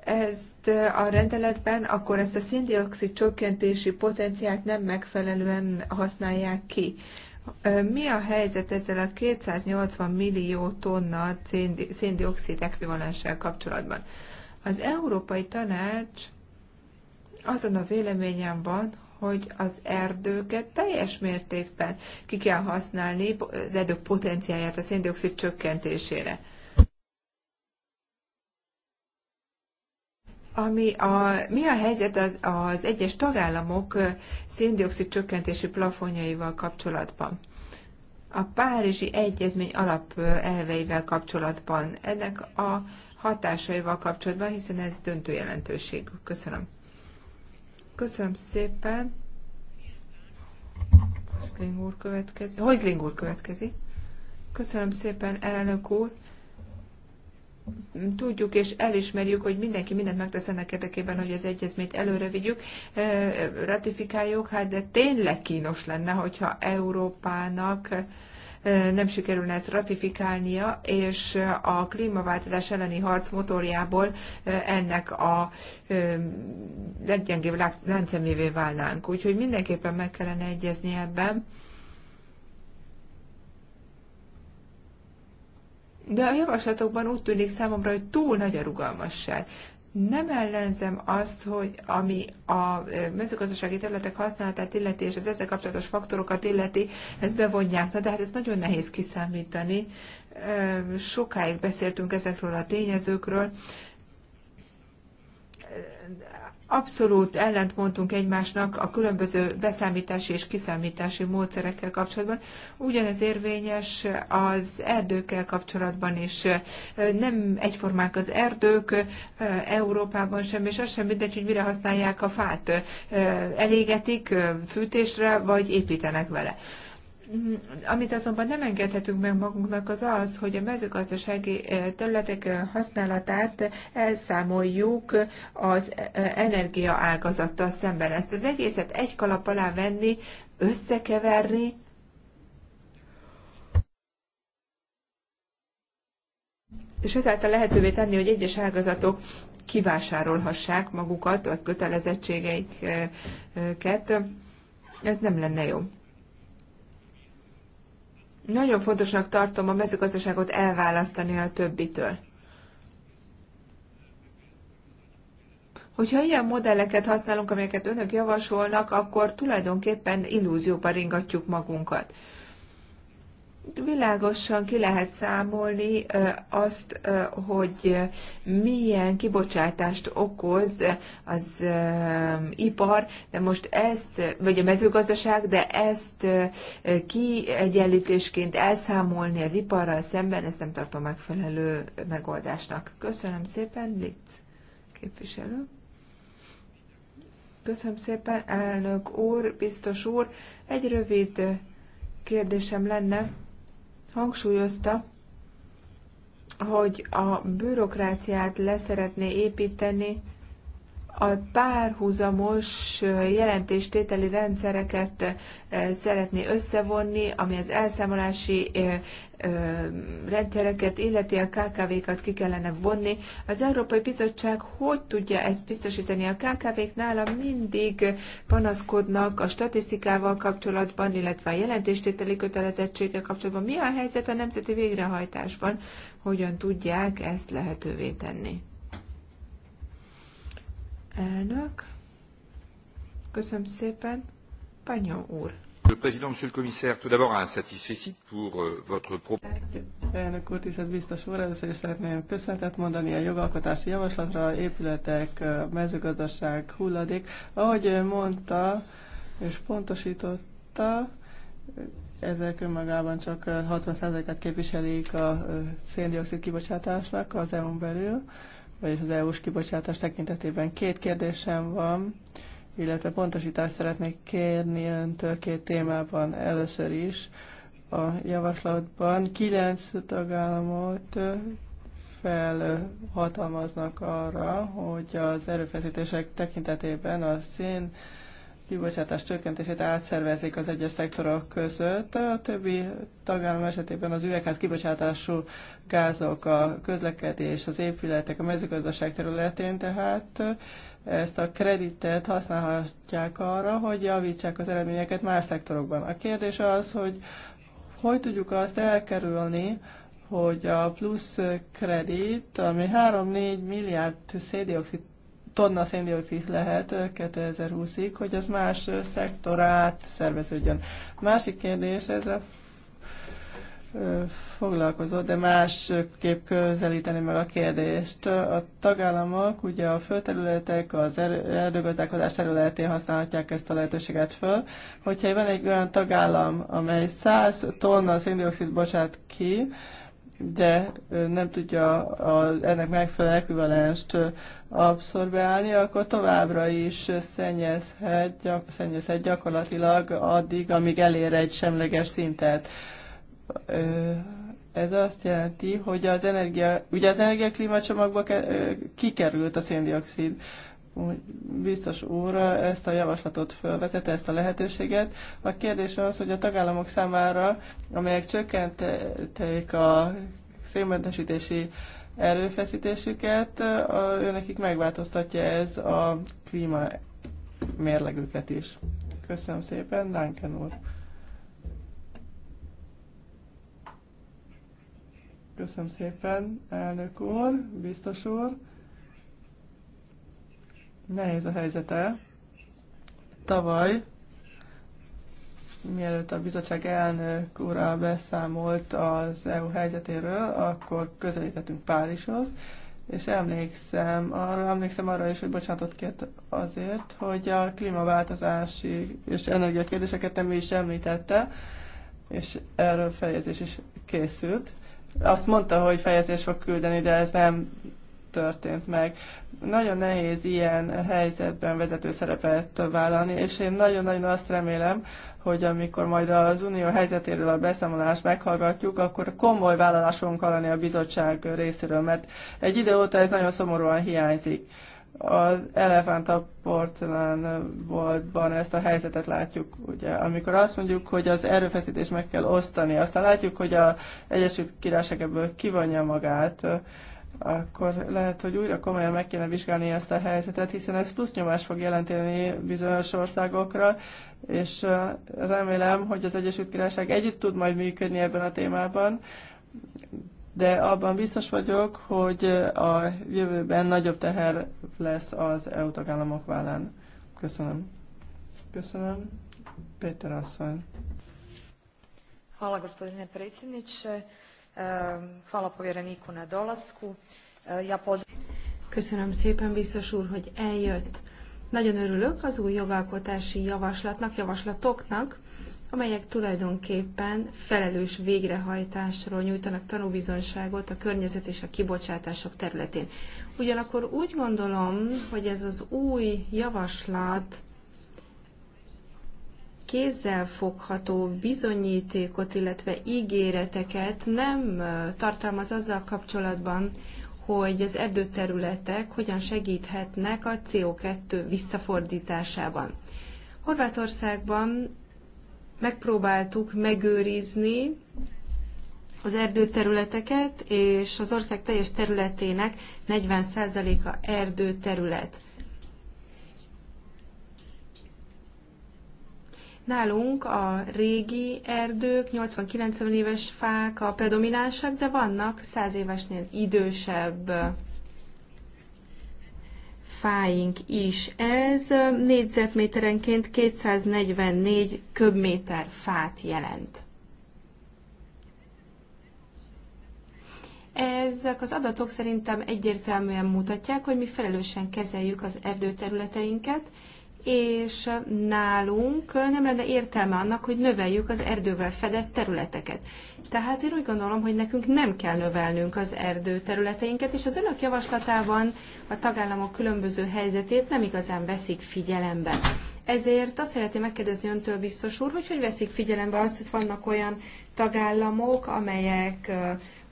ezt a rendeletben, akkor ezt a széndiokszid csökkentési potenciált nem megfelelően használják ki. Mi a helyzet ezzel a 280 millió tonna széndiokszid ekvivalenssel kapcsolatban? Az Európai Tanács azon a véleményen van, hogy az erdőket teljes mértékben ki kell használni, az erdők potenciáját a széndiokszid csökkentésére. Ami a, mi a helyzet az, az egyes tagállamok széndiokszid csökkentési plafonjaival kapcsolatban? A Párizsi Egyezmény alapelveivel kapcsolatban, ennek a hatásaival kapcsolatban, hiszen ez döntő jelentőségű. Köszönöm. Köszönöm szépen. Hozling úr következik. Hozling úr következik. Köszönöm szépen, elnök úr tudjuk és elismerjük, hogy mindenki mindent megtesz ennek érdekében, hogy az egyezményt előre vigyük, ratifikáljuk, hát de tényleg kínos lenne, hogyha Európának nem sikerülne ezt ratifikálnia, és a klímaváltozás elleni harc motorjából ennek a leggyengébb láncemévé válnánk. Úgyhogy mindenképpen meg kellene egyezni ebben. De a javaslatokban úgy tűnik számomra, hogy túl nagy a rugalmasság. Nem ellenzem azt, hogy ami a mezőgazdasági területek használatát illeti, és az ezzel kapcsolatos faktorokat illeti, ezt bevonják. Na, de hát ez nagyon nehéz kiszámítani. Sokáig beszéltünk ezekről a tényezőkről abszolút ellent mondtunk egymásnak a különböző beszámítási és kiszámítási módszerekkel kapcsolatban. Ugyanez érvényes az erdőkkel kapcsolatban is. Nem egyformák az erdők eh, Európában sem, és az sem mindegy, hogy mire használják a fát. Eh, elégetik eh, fűtésre, vagy építenek vele. Mhm. Amit azonban nem engedhetünk meg magunknak az az, hogy a mezőgazdasági eh, területek eh, használatát elszámoljuk az eh, energia ágazattal szemben. Ezt az egészet egy kalap alá venni, összekeverni, és ezáltal lehetővé tenni, hogy egyes ágazatok kivásárolhassák magukat, vagy kötelezettségeiket, ez nem lenne jó. Nagyon fontosnak tartom a mezőgazdaságot elválasztani a többitől. Hogyha ilyen modelleket használunk, amelyeket önök javasolnak, akkor tulajdonképpen illúzióba ringatjuk magunkat világosan ki lehet számolni azt, hogy milyen kibocsátást okoz az ipar, de most ezt, vagy a mezőgazdaság, de ezt kiegyenlítésként elszámolni az iparral szemben, ezt nem tartom megfelelő megoldásnak. Köszönöm szépen, Litz képviselő. Köszönöm szépen, elnök úr, biztos úr. Egy rövid kérdésem lenne hangsúlyozta, hogy a bürokráciát leszeretné építeni, a párhuzamos jelentéstételi rendszereket szeretné összevonni, ami az elszámolási rendszereket, illeti a KKV-kat ki kellene vonni. Az Európai Bizottság hogy tudja ezt biztosítani? A KKV-k nála mindig panaszkodnak a statisztikával kapcsolatban, illetve a jelentéstételi kötelezettséggel kapcsolatban. Mi a helyzet a nemzeti végrehajtásban? Hogyan tudják ezt lehetővé tenni? Elnök. Köszönöm szépen. Panyó úr. Le président, monsieur le commissaire, tout d'abord un satisfecit pour euh, votre propos. Elnök úr, tisztelt biztos úr, először is szeretném köszönetet mondani a jogalkotási javaslatra, épületek, mezőgazdaság, hulladék. Ahogy mondta és pontosította, ezek önmagában csak 60%-át képviselik a széndiokszid kibocsátásnak az EU-n belül vagyis az EU-s kibocsátás tekintetében. Két kérdésem van, illetve pontosítást szeretnék kérni öntől két témában először is. A javaslatban kilenc tagállamot felhatalmaznak arra, hogy az erőfeszítések tekintetében a szén kibocsátás csökkentését átszervezik az egyes szektorok között. A többi tagállam esetében az üvegház kibocsátású gázok, a közlekedés, az épületek, a mezőgazdaság területén, tehát ezt a kreditet használhatják arra, hogy javítsák az eredményeket más szektorokban. A kérdés az, hogy hogy tudjuk azt elkerülni, hogy a plusz kredit, ami 3-4 milliárd széndiokszid tonna széndiokszid lehet 2020-ig, hogy az más szektorát szerveződjön. Másik kérdés, ez a foglalkozó de másképp közelíteni meg a kérdést. A tagállamok ugye a földterületek, az er-, erdőgazdálkodás területén használhatják ezt a lehetőséget föl. Hogyha van egy olyan tagállam, amely 100 tonna széndiokszid bocsát ki, de nem tudja a, ennek megfelelő ekvivalenst abszorbálni, akkor továbbra is szennyezhet, gyak, szennyezhet gyakorlatilag addig, amíg elér egy semleges szintet. Ez azt jelenti, hogy az energia, ugye az energia kikerült a széndiokszid, biztos úr ezt a javaslatot felvetette, ezt a lehetőséget. A kérdés az, hogy a tagállamok számára, amelyek csökkentették a szénmentesítési erőfeszítésüket, a, őnekik megváltoztatja ez a klíma mérlegüket is. Köszönöm szépen, Duncan úr. Köszönöm szépen, elnök úr, biztos úr nehéz a helyzete. Tavaly, mielőtt a bizottság elnök ura beszámolt az EU helyzetéről, akkor közelítettünk Párizshoz, és emlékszem arra, emlékszem arra is, hogy bocsánatot kért azért, hogy a klímaváltozási és energiakérdéseket nem is említette, és erről fejezés is készült. Azt mondta, hogy fejezés fog küldeni, de ez nem történt meg. Nagyon nehéz ilyen helyzetben vezető szerepet vállalni, és én nagyon-nagyon azt remélem, hogy amikor majd az unió helyzetéről a beszámolást meghallgatjuk, akkor komoly vállalás fogunk hallani a bizottság részéről, mert egy idő óta ez nagyon szomorúan hiányzik. Az Elefant a Portland boltban ezt a helyzetet látjuk, ugye, amikor azt mondjuk, hogy az erőfeszítést meg kell osztani, aztán látjuk, hogy az Egyesült Királyság ebből kivonja magát, akkor lehet, hogy újra komolyan meg kéne vizsgálni ezt a helyzetet, hiszen ez plusz nyomás fog jelenteni bizonyos országokra, és remélem, hogy az Egyesült Királyság együtt tud majd működni ebben a témában, de abban biztos vagyok, hogy a jövőben nagyobb teher lesz az EU tagállamok vállán. Köszönöm. Köszönöm. Péter asszony. Hála, gospodine predsjedniče. Ehm, hvala povjereniku na dolasku. Ehm, ja Köszönöm szépen, biztos úr, hogy eljött. Nagyon örülök az új jogalkotási javaslatnak, javaslatoknak, amelyek tulajdonképpen felelős végrehajtásról nyújtanak tanúbizonyságot a környezet és a kibocsátások területén. Ugyanakkor úgy gondolom, hogy ez az új javaslat fogható bizonyítékot, illetve ígéreteket nem tartalmaz azzal kapcsolatban, hogy az erdőterületek hogyan segíthetnek a CO2 visszafordításában. Horvátországban megpróbáltuk megőrizni az erdőterületeket, és az ország teljes területének 40%-a erdőterület. Nálunk a régi erdők, 80-90 éves fák a predominánsak, de vannak 100 évesnél idősebb fáink is. Ez négyzetméterenként 244 köbméter fát jelent. Ezek az adatok szerintem egyértelműen mutatják, hogy mi felelősen kezeljük az erdőterületeinket, és nálunk nem lenne értelme annak, hogy növeljük az erdővel fedett területeket. Tehát én úgy gondolom, hogy nekünk nem kell növelnünk az erdő területeinket, és az önök javaslatában a tagállamok különböző helyzetét nem igazán veszik figyelembe. Ezért azt szeretném megkérdezni öntől, biztos úr, hogy hogy veszik figyelembe azt, hogy vannak olyan tagállamok, amelyek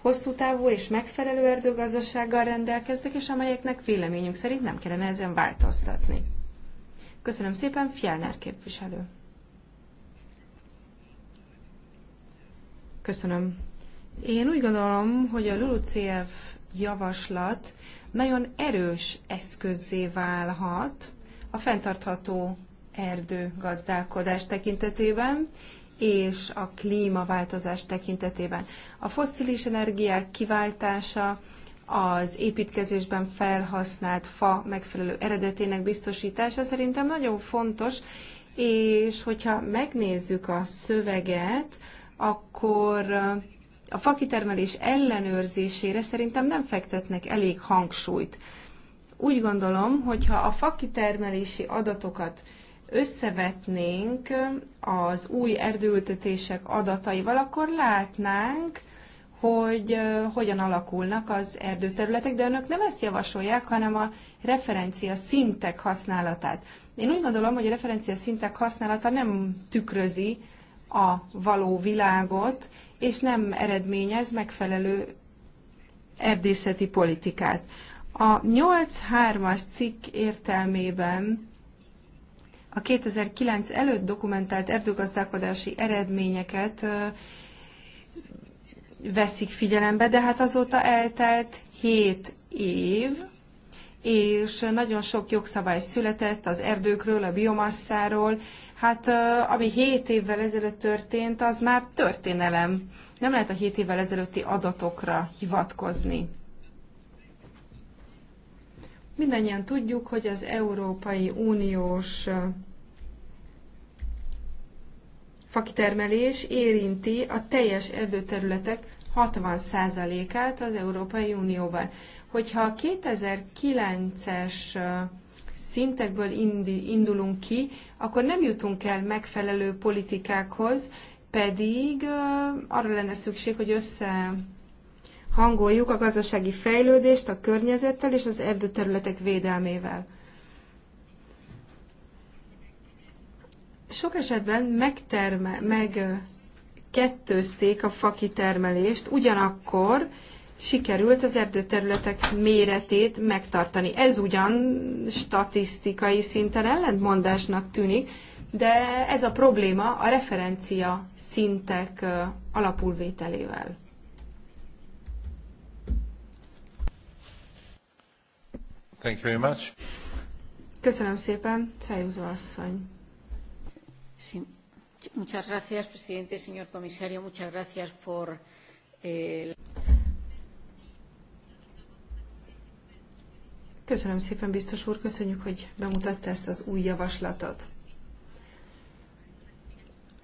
hosszú távú és megfelelő erdőgazdasággal rendelkeznek, és amelyeknek véleményünk szerint nem kellene ezen változtatni. Köszönöm szépen, Fjellner képviselő. Köszönöm. Én úgy gondolom, hogy a LULUCF javaslat nagyon erős eszközzé válhat a fenntartható erdőgazdálkodás tekintetében és a klímaváltozás tekintetében. A fosszilis energiák kiváltása, az építkezésben felhasznált fa megfelelő eredetének biztosítása szerintem nagyon fontos, és hogyha megnézzük a szöveget, akkor eh, a fakitermelés ellenőrzésére szerintem nem fektetnek elég hangsúlyt. Úgy gondolom, hogyha a fakitermelési adatokat összevetnénk eh, az új erdőültetések adataival, akkor látnánk, hogy hogyan alakulnak az erdőterületek, de önök nem ezt javasolják, hanem a referencia szintek használatát. Én úgy gondolom, hogy a referencia szintek használata nem tükrözi a való világot, és nem eredményez megfelelő erdészeti politikát. A 8.3-as cikk értelmében a 2009 előtt dokumentált erdőgazdálkodási eredményeket veszik figyelembe, de hát azóta eltelt 7 év, és nagyon sok jogszabály született az erdőkről, a biomasszáról. Hát ami 7 évvel ezelőtt történt, az már történelem. Nem lehet a 7 évvel ezelőtti adatokra hivatkozni. Mindannyian tudjuk, hogy az Európai Uniós fakitermelés érinti a teljes erdőterületek 60%-át az Európai Unióban. Hogyha a 2009-es szintekből indulunk ki, akkor nem jutunk el megfelelő politikákhoz, pedig arra lenne szükség, hogy össze hangoljuk a gazdasági fejlődést a környezettel és az erdőterületek védelmével. sok esetben megterme, meg kettőzték a fakitermelést, ugyanakkor sikerült az erdőterületek méretét megtartani. Ez ugyan statisztikai szinten ellentmondásnak tűnik, de ez a probléma a referencia szintek alapulvételével. Thank you very much. Köszönöm szépen, Szájúzó asszony. Sí. Muchas gracias, presidente. Señor comisario, muchas gracias por. Eh... Köszönöm szépen, biztos úr, köszönjük, hogy bemutatta ezt az új javaslatot.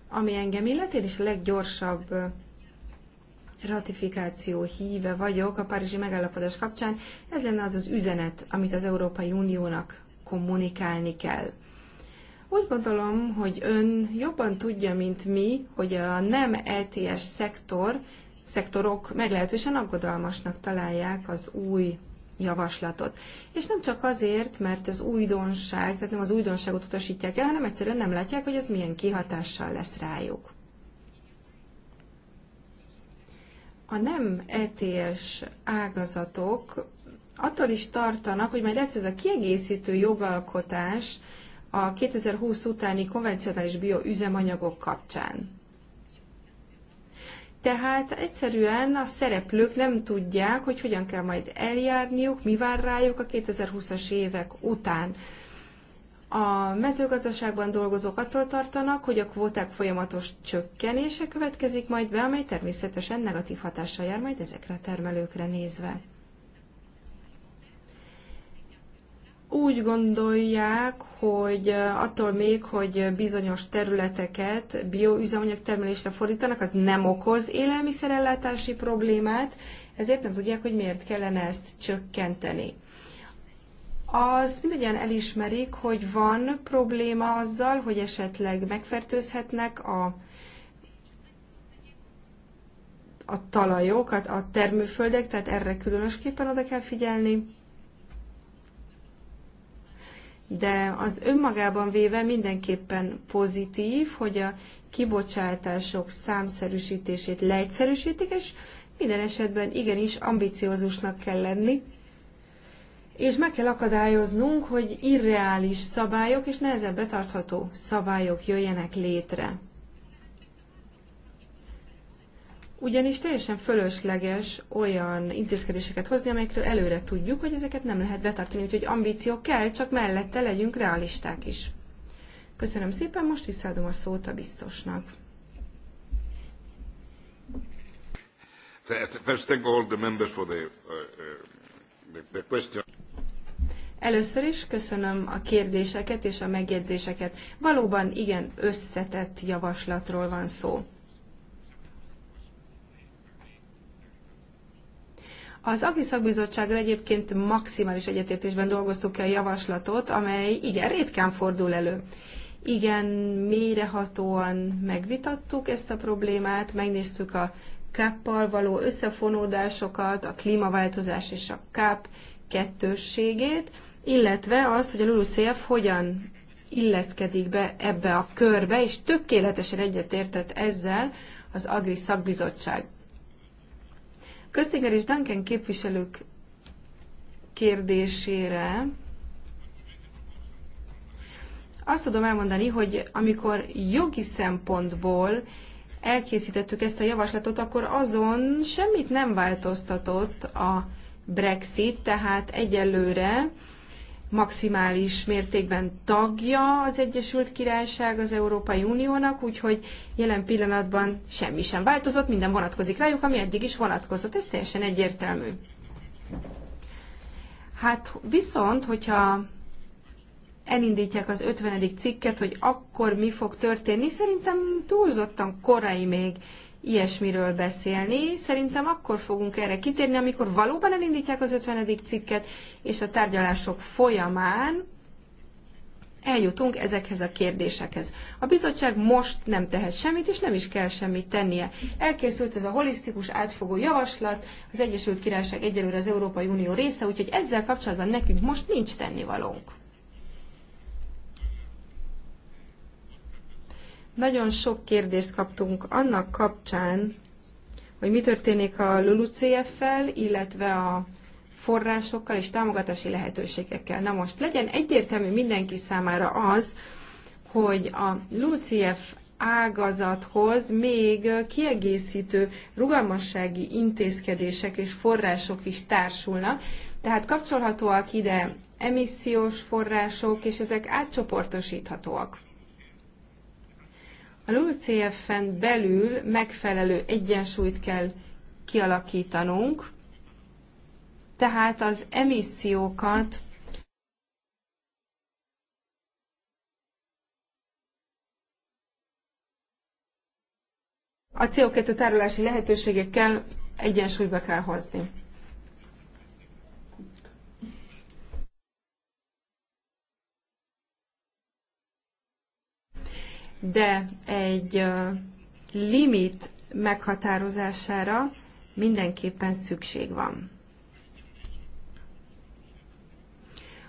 Ami engem illet, én is a leggyorsabb ratifikáció híve vagyok a Párizsi megállapodás kapcsán. Ez lenne az az üzenet, amit az Európai Uniónak kommunikálni kell. Úgy gondolom, hogy ön jobban tudja, mint mi, hogy a nem LTS szektor, szektorok meglehetősen aggodalmasnak találják az új javaslatot. És nem csak azért, mert ez újdonság, tehát nem az újdonságot utasítják el, hanem egyszerűen nem látják, hogy ez milyen kihatással lesz rájuk. A nem ETS ágazatok attól is tartanak, hogy majd lesz ez a kiegészítő jogalkotás, a 2020 utáni konvencionális bioüzemanyagok kapcsán. Tehát egyszerűen a szereplők nem tudják, hogy hogyan kell majd eljárniuk, mi vár rájuk a 2020-as évek után. A mezőgazdaságban dolgozók attól tartanak, hogy a kvóták folyamatos csökkenése következik majd be, amely természetesen negatív hatással jár majd ezekre a termelőkre nézve. úgy gondolják, hogy attól még, hogy bizonyos területeket bioüzemanyag termelésre fordítanak, az nem okoz élelmiszerellátási problémát, ezért nem tudják, hogy miért kellene ezt csökkenteni. Azt mindegyen elismerik, hogy van probléma azzal, hogy esetleg megfertőzhetnek a a talajokat, a termőföldek, tehát erre különösképpen oda kell figyelni de az önmagában véve mindenképpen pozitív, hogy a kibocsátások számszerűsítését leegyszerűsítik, és minden esetben igenis ambiciózusnak kell lenni, és meg kell akadályoznunk, hogy irreális szabályok és nehezebb betartható szabályok jöjjenek létre. ugyanis teljesen fölösleges olyan intézkedéseket hozni, amelyekről előre tudjuk, hogy ezeket nem lehet betartani, úgyhogy ambíció kell, csak mellette legyünk realisták is. Köszönöm szépen, most visszaadom a szót a biztosnak. Uh, uh, Először is köszönöm a kérdéseket és a megjegyzéseket. Valóban igen összetett javaslatról van szó. Az AGI szakbizottságra egyébként maximális egyetértésben dolgoztuk ki a javaslatot, amely igen ritkán fordul elő. Igen, mélyrehatóan megvitattuk ezt a problémát, megnéztük a káppal való összefonódásokat, a klímaváltozás és a káp kettősségét, illetve azt, hogy a LULUCF hogyan illeszkedik be ebbe a körbe, és tökéletesen egyetértett ezzel az Agri Szakbizottság. Köztinger és Duncan képviselők kérdésére azt tudom elmondani, hogy amikor jogi szempontból elkészítettük ezt a javaslatot, akkor azon semmit nem változtatott a Brexit, tehát egyelőre maximális mértékben tagja az Egyesült Királyság az Európai Uniónak, úgyhogy jelen pillanatban semmi sem változott, minden vonatkozik rájuk, ami eddig is vonatkozott. Ez teljesen egyértelmű. Hát viszont, hogyha elindítják az 50. cikket, hogy akkor mi fog történni, szerintem túlzottan korai még ilyesmiről beszélni. Szerintem akkor fogunk erre kitérni, amikor valóban elindítják az 50. cikket, és a tárgyalások folyamán eljutunk ezekhez a kérdésekhez. A bizottság most nem tehet semmit, és nem is kell semmit tennie. Elkészült ez a holisztikus átfogó javaslat, az Egyesült Királyság egyelőre az Európai Unió része, úgyhogy ezzel kapcsolatban nekünk most nincs tennivalónk. Nagyon sok kérdést kaptunk annak kapcsán, hogy mi történik a LULUCF-fel, illetve a forrásokkal és támogatási lehetőségekkel. Na most legyen egyértelmű mindenki számára az, hogy a LULUCF ágazathoz még kiegészítő rugalmassági intézkedések és források is társulnak, tehát kapcsolhatóak ide emissziós források, és ezek átcsoportosíthatóak. A LULCF-en belül megfelelő egyensúlyt kell kialakítanunk, tehát az emissziókat a CO2 tárolási lehetőségekkel egyensúlyba kell hozni. de egy limit meghatározására mindenképpen szükség van.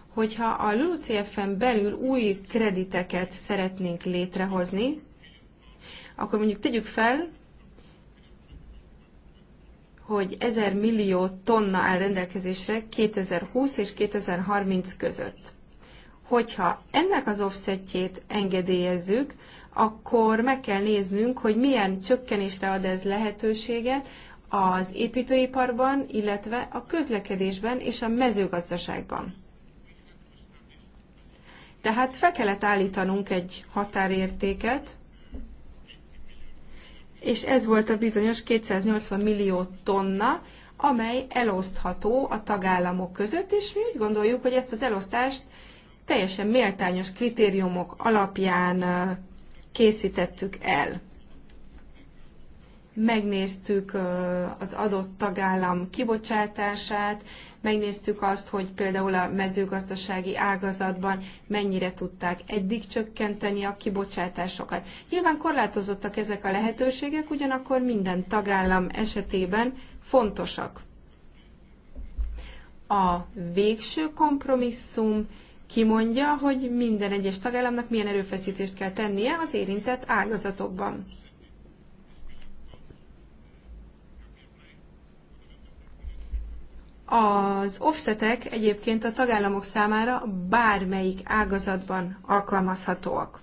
Hogyha a LULUCF-en belül új krediteket szeretnénk létrehozni, akkor mondjuk tegyük fel, hogy 1000 millió tonna áll rendelkezésre 2020 és 2030 között. Hogyha ennek az offsetjét engedélyezzük, akkor meg kell néznünk, hogy milyen csökkenésre ad ez lehetőséget az építőiparban, illetve a közlekedésben és a mezőgazdaságban. Tehát fel kellett állítanunk egy határértéket, és ez volt a bizonyos 280 millió tonna, amely elosztható a tagállamok között, és mi úgy gondoljuk, hogy ezt az elosztást teljesen méltányos kritériumok alapján készítettük el. Megnéztük az adott tagállam kibocsátását, megnéztük azt, hogy például a mezőgazdasági ágazatban mennyire tudták eddig csökkenteni a kibocsátásokat. Nyilván korlátozottak ezek a lehetőségek, ugyanakkor minden tagállam esetében fontosak. A végső kompromisszum kimondja, hogy minden egyes tagállamnak milyen erőfeszítést kell tennie az érintett ágazatokban. Az offsetek egyébként a tagállamok számára bármelyik ágazatban alkalmazhatóak.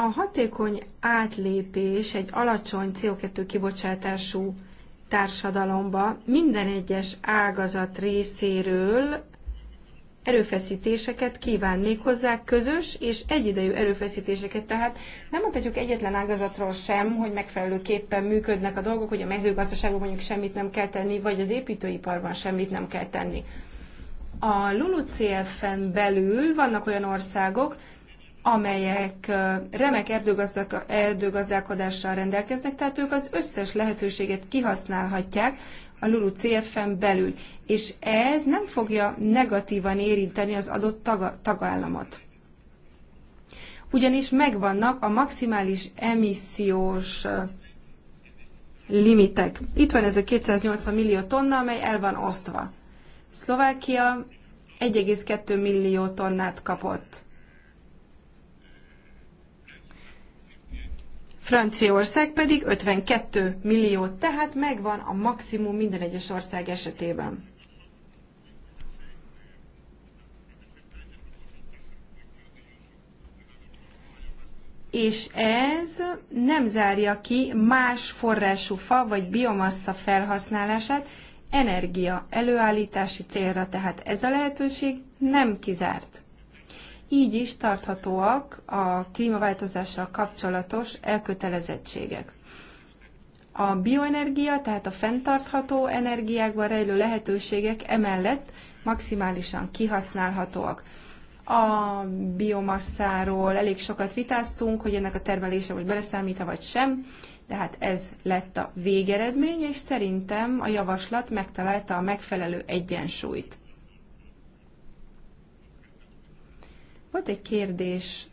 A hatékony átlépés egy alacsony CO2 kibocsátású társadalomba minden egyes ágazat részéről erőfeszítéseket kíván méghozzá közös és egyidejű erőfeszítéseket. Tehát nem mondhatjuk egyetlen ágazatról sem, hogy megfelelőképpen működnek a dolgok, hogy a mezőgazdaságban mondjuk semmit nem kell tenni, vagy az építőiparban semmit nem kell tenni. A LULUCF-en belül vannak olyan országok, amelyek remek erdőgazdálkodással rendelkeznek, tehát ők az összes lehetőséget kihasználhatják a LULU CFM belül, és ez nem fogja negatívan érinteni az adott taga, tagállamot. Ugyanis megvannak a maximális emissziós limitek. Itt van ez a 280 millió tonna, amely el van osztva. Szlovákia 1,2 millió tonnát kapott. Franciaország pedig 52 millió, tehát megvan a maximum minden egyes ország esetében. és ez nem zárja ki más forrású fa vagy biomassa felhasználását energia előállítási célra, tehát ez a lehetőség nem kizárt így is tarthatóak a klímaváltozással kapcsolatos elkötelezettségek. A bioenergia, tehát a fenntartható energiákban rejlő lehetőségek emellett maximálisan kihasználhatóak. A biomasszáról elég sokat vitáztunk, hogy ennek a termelése vagy beleszámít vagy sem, de hát ez lett a végeredmény, és szerintem a javaslat megtalálta a megfelelő egyensúlyt. Volt egy kérdés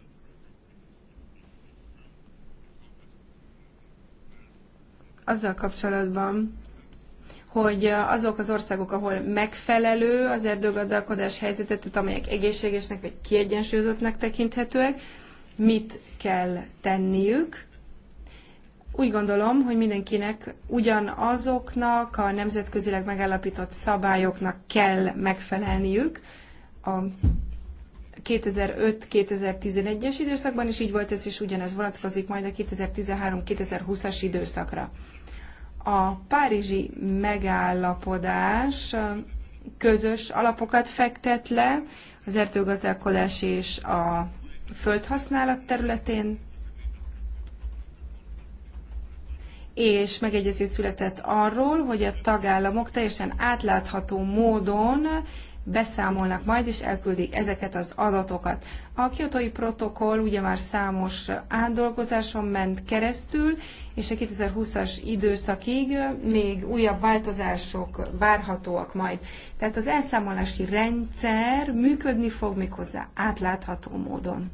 azzal kapcsolatban, hogy azok az országok, ahol megfelelő az erdőgazdálkodás helyzetet, tehát amelyek egészségesnek vagy kiegyensúlyozottnak tekinthetőek, mit kell tenniük. Úgy gondolom, hogy mindenkinek ugyanazoknak a nemzetközileg megállapított szabályoknak kell megfelelniük a 2005-2011-es időszakban is így volt ez, és ugyanez vonatkozik majd a 2013-2020-as időszakra. A párizsi megállapodás közös alapokat fektet le az erdőgazdálkodás és a földhasználat területén, és megegyezés született arról, hogy a tagállamok teljesen átlátható módon beszámolnak majd, és elküldik ezeket az adatokat. A kiotói protokoll ugye már számos átdolgozáson ment keresztül, és a 2020-as időszakig még újabb változások várhatóak majd. Tehát az elszámolási rendszer működni fog méghozzá átlátható módon.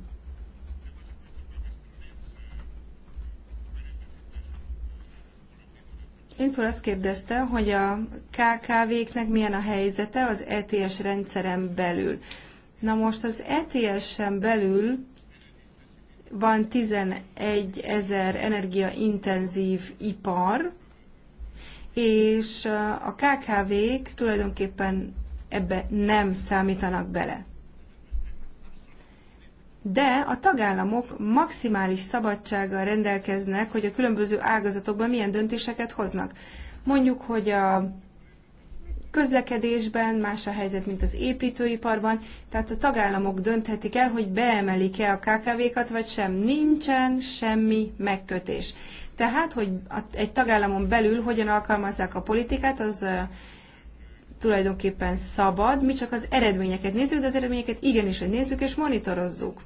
Pénzúr azt kérdezte, hogy a KKV-knek milyen a helyzete az ETS rendszeren belül. Na most az ETS-en belül van 11 ezer energiaintenzív ipar, és a KKV-k tulajdonképpen ebbe nem számítanak bele de a tagállamok maximális szabadsággal rendelkeznek, hogy a különböző ágazatokban milyen döntéseket hoznak. Mondjuk, hogy a közlekedésben más a helyzet, mint az építőiparban, tehát a tagállamok dönthetik el, hogy beemelik-e a KKV-kat, vagy sem. Nincsen semmi megkötés. Tehát, hogy egy tagállamon belül hogyan alkalmazzák a politikát, az tulajdonképpen szabad, mi csak az eredményeket nézzük, de az eredményeket igenis, hogy nézzük és monitorozzuk.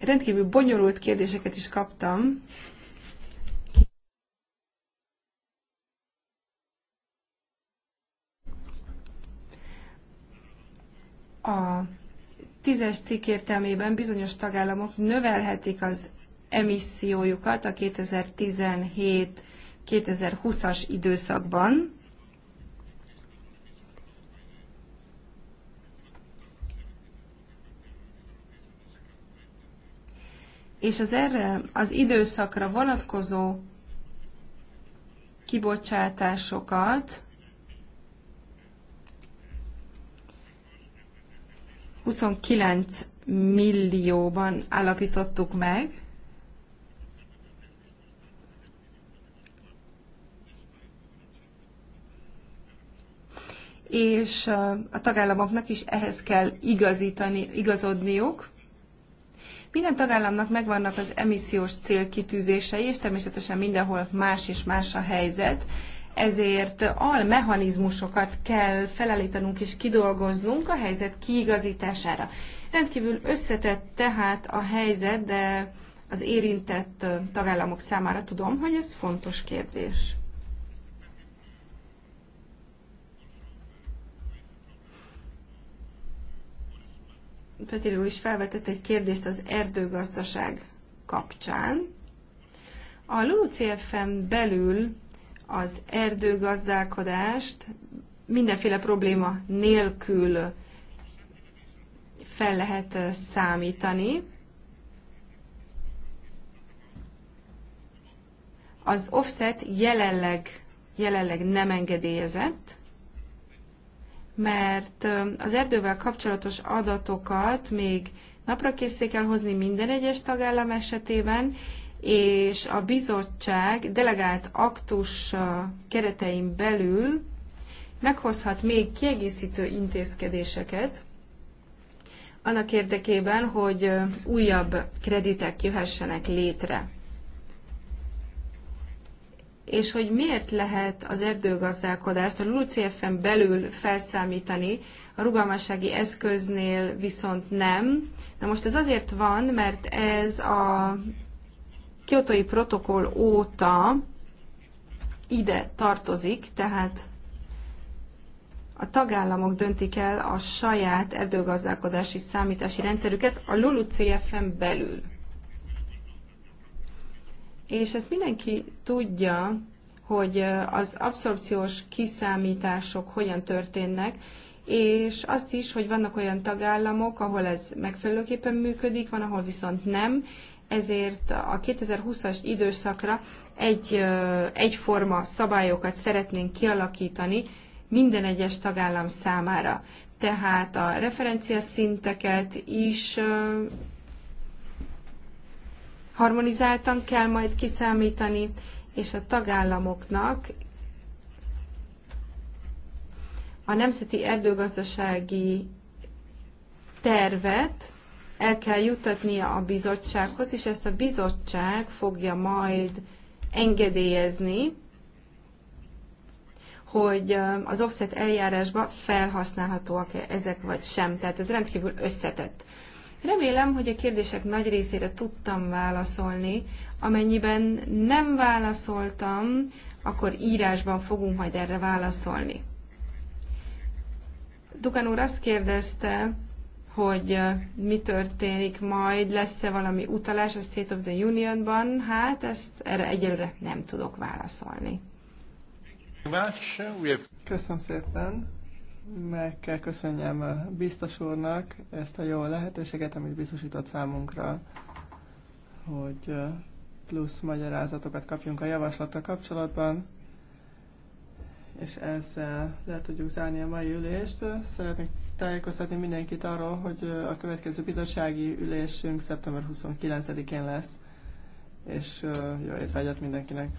rendkívül bonyolult kérdéseket is kaptam. A tízes cikk értelmében bizonyos tagállamok növelhetik az emissziójukat a 2017-2020-as időszakban, és az erre az időszakra vonatkozó kibocsátásokat 29 millióban állapítottuk meg, és a tagállamoknak is ehhez kell igazítani, igazodniuk. Minden tagállamnak megvannak az emissziós célkitűzései, és természetesen mindenhol más és más a helyzet, ezért al mechanizmusokat kell felállítanunk és kidolgoznunk a helyzet kiigazítására. Rendkívül összetett tehát a helyzet, de az érintett tagállamok számára tudom, hogy ez fontos kérdés. Petir úr is felvetett egy kérdést az erdőgazdaság kapcsán. A lulucf belül az erdőgazdálkodást mindenféle probléma nélkül fel lehet számítani. Az offset jelenleg, jelenleg nem engedélyezett, mert az erdővel kapcsolatos adatokat még napra kell hozni minden egyes tagállam esetében, és a bizottság delegált aktus keretein belül meghozhat még kiegészítő intézkedéseket, annak érdekében, hogy újabb kreditek jöhessenek létre és hogy miért lehet az erdőgazdálkodást a LULUCF-en belül felszámítani, a rugalmassági eszköznél viszont nem. Na most ez azért van, mert ez a kiotói protokoll óta ide tartozik, tehát a tagállamok döntik el a saját erdőgazdálkodási számítási rendszerüket a lulucf CFM belül és ezt mindenki tudja, hogy az abszorpciós kiszámítások hogyan történnek, és azt is, hogy vannak olyan tagállamok, ahol ez megfelelőképpen működik, van, ahol viszont nem, ezért a 2020-as időszakra egy, egyforma szabályokat szeretnénk kialakítani minden egyes tagállam számára. Tehát a referencia szinteket is harmonizáltan kell majd kiszámítani, és a tagállamoknak a nemzeti erdőgazdasági tervet el kell juttatnia a bizottsághoz, és ezt a bizottság fogja majd engedélyezni, hogy az offset eljárásban felhasználhatóak -e ezek vagy sem. Tehát ez rendkívül összetett. Remélem, hogy a kérdések nagy részére tudtam válaszolni. Amennyiben nem válaszoltam, akkor írásban fogunk majd erre válaszolni. Dukan úr azt kérdezte, hogy mi történik majd, lesz-e valami utalás a State of the Unionban, hát ezt erre egyelőre nem tudok válaszolni. Köszönöm szépen meg kell köszönjem eh, biztos úrnak ezt a jó lehetőséget, amit biztosított számunkra, hogy eh, plusz magyarázatokat kapjunk a javaslata kapcsolatban, és ezzel le tudjuk zárni a mai ülést. Szeretnék tájékoztatni mindenkit arról, hogy eh, a következő bizottsági ülésünk szeptember 29-én lesz, és jó étvágyat mindenkinek!